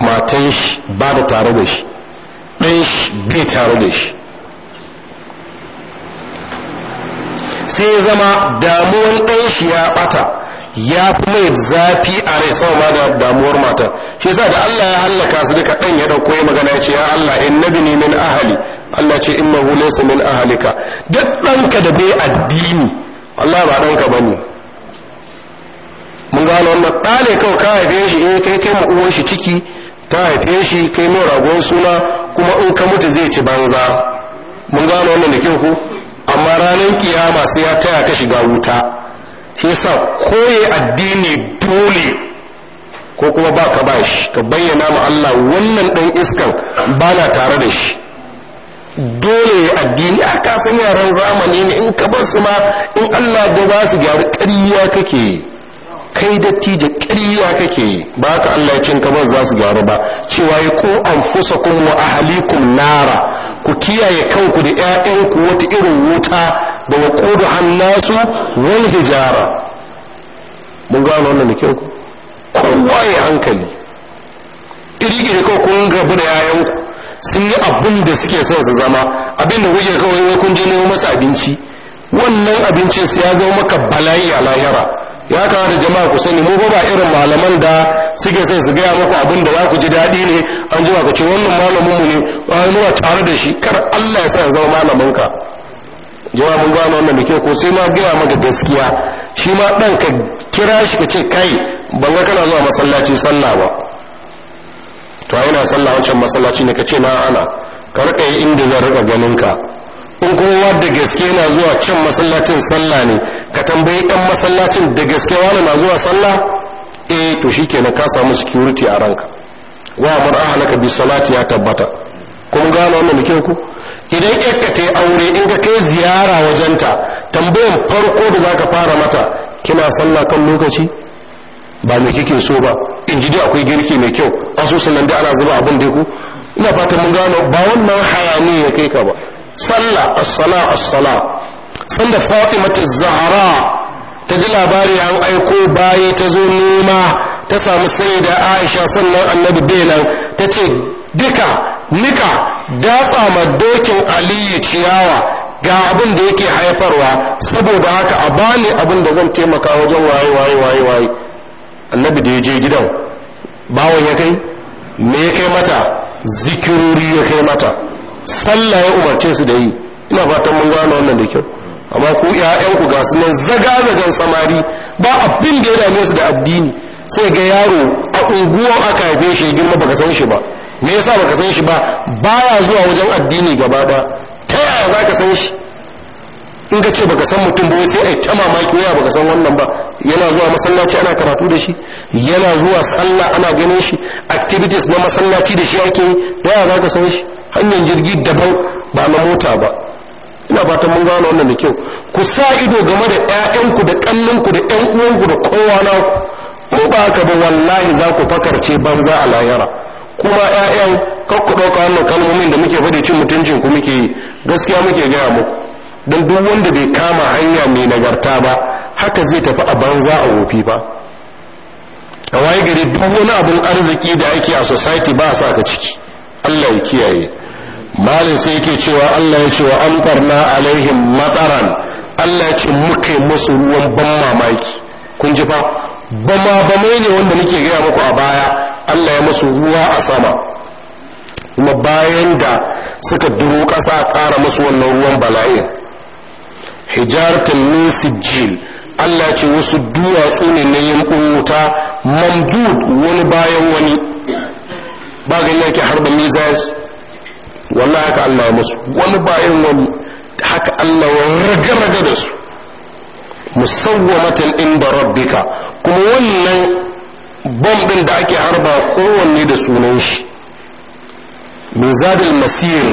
matan shi ba da tare da shi ɗan shi bai taru da shi sai ya zama damuwan ɗan ya ɓata ya fi mai zafi a rai sama ma da damuwar mata shi sa da Allah ya hallaka su duka ɗan ya ɗauko ya magana ya ce ya Allah in innabini min ahali Allah ce in mahu laysa min ahalika duk ɗanka da bai addini Allah ba ɗanka ne mun gano wannan ɗale kawai ka haife shi in eh, kai kai ma uwan shi ciki ta haife shi kai mai ragon suna kuma in ka mutu zai ci banza mun gano wannan da kyau ku. amma ranar kiyama sai ya taya ka shiga wuta shi yasa koye addini dole ko kuma ba ka ba shi ka bayyana ma Allah wannan dan iskan ba na tare da shi dole ya addini a kasan yaran zamani ne in ka bar su ma in Allah da ba su gyaru ƙarya kake yi kai tije ƙarya kake yi ba ka Allah cin kamar za su gyaru ba cewa ya ko kuma wa ahlikum nara ku kiyaye kanku da ƴaƴanku wata irin wuta da waqudu hannasu wal hijara mun gano wannan da kyau kowa ya hankali iri ko kun rabu da ƴaƴanku sun yi abin da suke son su zama abin da kuke kawai kun je nemo masa abinci wannan abincin su ya zama maka bala'i a lahira ya da jama'a ku sani mu ba irin malaman da suke sai su gaya muku abin da za ku ji daɗi ne an ji ku ce wannan malamin mu ne wani muna tare da shi kar Allah ya sa ya zama malamin ka jama'a mun gano wannan da ko sai ma gaya maka gaskiya shi ma ɗan ka kira shi ka ce kai ban ga kana zuwa masallaci sallah ba to ina sallah wancan masallaci ne ka ce na ana ka rika yi inda zan rika ganin ka in kowa da gaske na zuwa can masallacin sallah ne ka tambayi ɗan masallacin da gaske wani na zuwa sallah eh to kenan ka samu security a ranka wa amur ahlaka bi salati ya tabbata kun gano wannan da ku idan yakka ta aure in ka kai ziyara wajenta tambayar farko da zaka fara mata kina sallah kan lokaci ba me kike so ba in ji akwai girki mai kyau asusun nan da ana zuba abin da ku ina fatan mun gano ba wannan hayaniya ya kai ka ba صلى الصلاة الصلاة صلى فاطمة الزهراء fatimatu zahra ta ji labari an aiko baya ta zo noma ta samu sai da aisha sannan annabi علي ta ce duka dokin aliyu ciyawa ga abin da yake haifarwa saboda haka a bani abin da zan taimaka wajen waye waye waye waye annabi da ya je gidan bawon ya kai me ya kai mata zikirori ya kai mata sallah ya umarce su da yi ina fatan mun gano wannan da kyau amma ku ƴaƴanku ga su nan zaga-zagan samari ba abin da ya dame su da addini sai ga yaro a unguwar aka haife shi girma baka san shi ba me yasa baka san shi ba baya zuwa wajen addini gaba ɗaya ta yaya zaka san shi in ka ce baka san mutum ba sai ai ta mamaki waya baka san wannan ba yana zuwa masallaci ana karatu da shi yana zuwa sallah ana ganin shi activities na masallaci da shi ake yi waya za ka san shi hanyar jirgi daban ba na mota ba ina fatan mun gano wannan da kyau ku sa ido game da ƴaƴanku da ku da ƴan uwanku da kowa na ku ba haka ba wallahi za ku fakarce banza a lahira kuma ƴaƴan kakku ɗauka wannan kalmomin da muke faɗi cin mutuncin ku muke gaskiya muke gaya muku don duk wanda bai kama hanya mai nagarta ba haka zai tafi a banza a wofi ba a waye gari duk wani abin arziki da ake a society ba sa ka ciki allah ya kiyaye malin sai yake cewa allah ya ce wa amtarna alaihim matsaran allah ya ce muka yi musu ruwan ban mamaki kun ji fa bama bamai ne wanda nake gaya muku a baya allah ya musu ruwa a sama kuma bayan da suka duro ƙasa ƙara masu wannan ruwan bala'in hijaratan min sijjil Allah ce wasu duwatsu ne na yankun wuta mamdud wani bayan wani ba ga yake harba mizas wallahi haka Allah musu wani bayan wani haka Allah raga-raga da su musawwamatan inda rabbika kuma wannan bom din da ake harba kowanne da sunan shi mizadul masir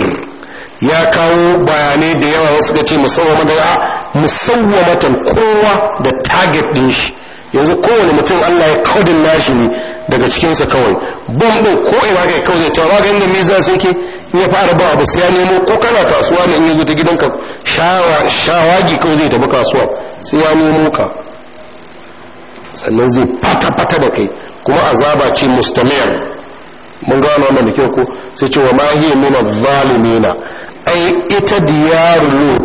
ya kawo bayanai da yawa wasu ga ce musawwamatan a musawwamatan kowa da target din shi yanzu kowane mutum Allah ya kodin nashi ne daga cikinsa kawai bom ko ko ina kai kawai zai tawa da miza sai ke in ya fara ba abu sai ya nemo ko kana kasuwa ne in yanzu ta gidanka shawagi kawai zai tafi kasuwa sai ya nemo ka sannan zai fata-fata da kai kuma azaba ce mustamiyar mun wani wannan da kyau ko sai ce wa ma hiya min zalimina ai ita diyaru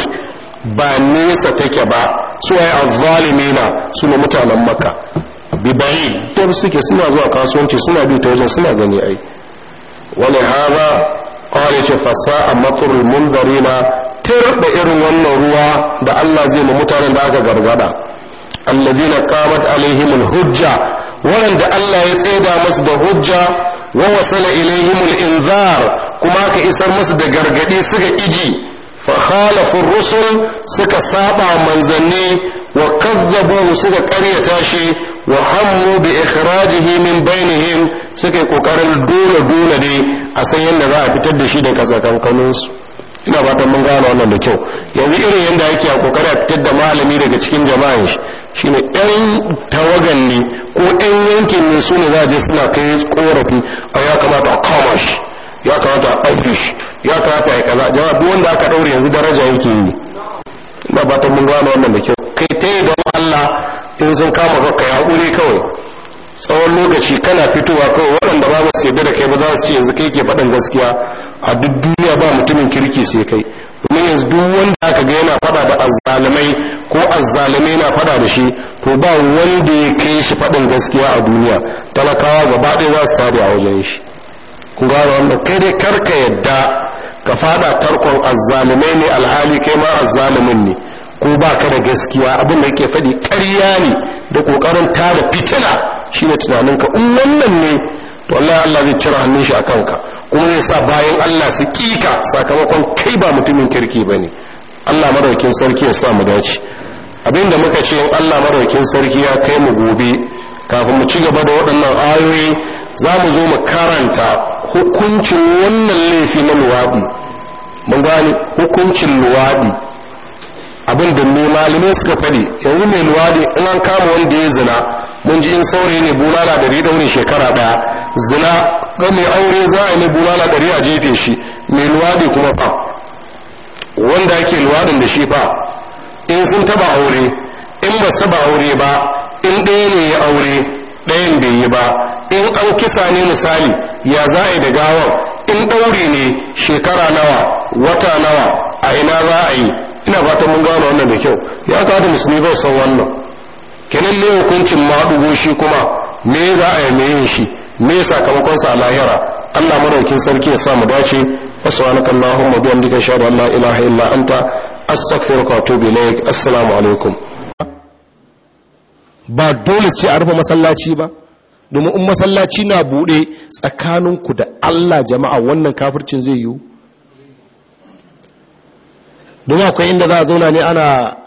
ba nesa take ba suwaye na su ne mutanen makka bibayi dab suke suna zuwa kasuwanci suna bi ta wajen suna gani ai wani haza kawai ce fasa a maturul na tirɓa irin wannan ruwa da allah zai ma mutanen da aka gargada na kamar alaihimul hujja waɗanda allah ya tsaida masu da hujja wa wasala ilaihimul inzar kuma ka isar masu da gargadi suka iji fa khalafu rusul suka saba manzanni wa kazzabu suka karyata shi wa hamu bi ikhrajihi min bainihim suka yi kokarin dole dole ne a san yadda za a fitar da shi daga tsakankanin su ina fatan mun gane wannan da kyau yanzu irin yadda ake a kokari a fitar da malami daga cikin jama'in shi shine ɗan tawagan ne ko ɗan yankin ne su ne za a je suna kai korafi a ya kamata a kama shi ya kamata a ɗauke shi ya kamata ya kaza jama'a duk wanda aka daure yanzu daraja yake yi ba ba ta mun gano wannan da kyau kai ta yi don Allah in sun kama ka kai hakuri kawai tsawon lokaci kana fitowa kawai waɗanda ba su yadda da kai ba za su ce yanzu kai ke faɗin gaskiya a duk duniya ba mutumin kirki sai kai domin yanzu duk wanda aka ga yana faɗa da azzalumai ko azzalumai na faɗa da shi to ba wanda ya kai shi faɗin gaskiya a duniya talakawa gaba ɗaya za su tare a wajen shi ku wannan kai dai karka yadda ka fada tarkon azzalumai ne alhali kai ma azzalumin ne ko ba ka da gaskiya abin da yake faɗi ƙarya ne da ƙoƙarin tada fitina ne tunaninka in wannan ne to Allah Allah zai cire hannun shi a kanka kuma zai sa bayan Allah su kika sakamakon kai ba mutumin kirki ba ne Allah madaukin sarki ya sa mu dace abin da muka ce Allah madaukin sarki ya kai mu gobe kafin mu ci gaba da waɗannan ayoyi za mu zo mu karanta hukuncin wannan laifi na luwaɗi mun gani hukuncin luwaɗi abin da mai malamai suka faɗi yanzu mai luwaɗi in an kama wanda ya zina mun ji in saurayi ne bulala ɗari ɗaurin shekara ɗaya zina ga mai aure za a yi mai bulala ɗari a jefe shi mai luwaɗi kuma fa wanda ake luwaɗin da shi fa in sun taba aure in ba su taba aure ba in ɗaya ne ya aure ɗayan bai yi ba in an kisa ne misali ya za a yi da gawar in ɗaure ne shekara nawa wata nawa a ina za a yi ina fata mun gano wannan da kyau ya ka da musulmi bai san wannan kenan ne hukuncin maɗugo shi kuma me za a yi me yin shi me sakamakon sa a lahira Allah madaukin sarki ya sa mu dace subhanaka allahumma bi hamdika ashhadu an la ilaha illa anta astaghfiruka wa atubu ilaik assalamu alaikum ba dole sai a rufe masallaci ba domin in masallaci na buɗe tsakaninku da Allah jama'a wannan kafircin zai yiwu domin akwai inda za a zauna ne ana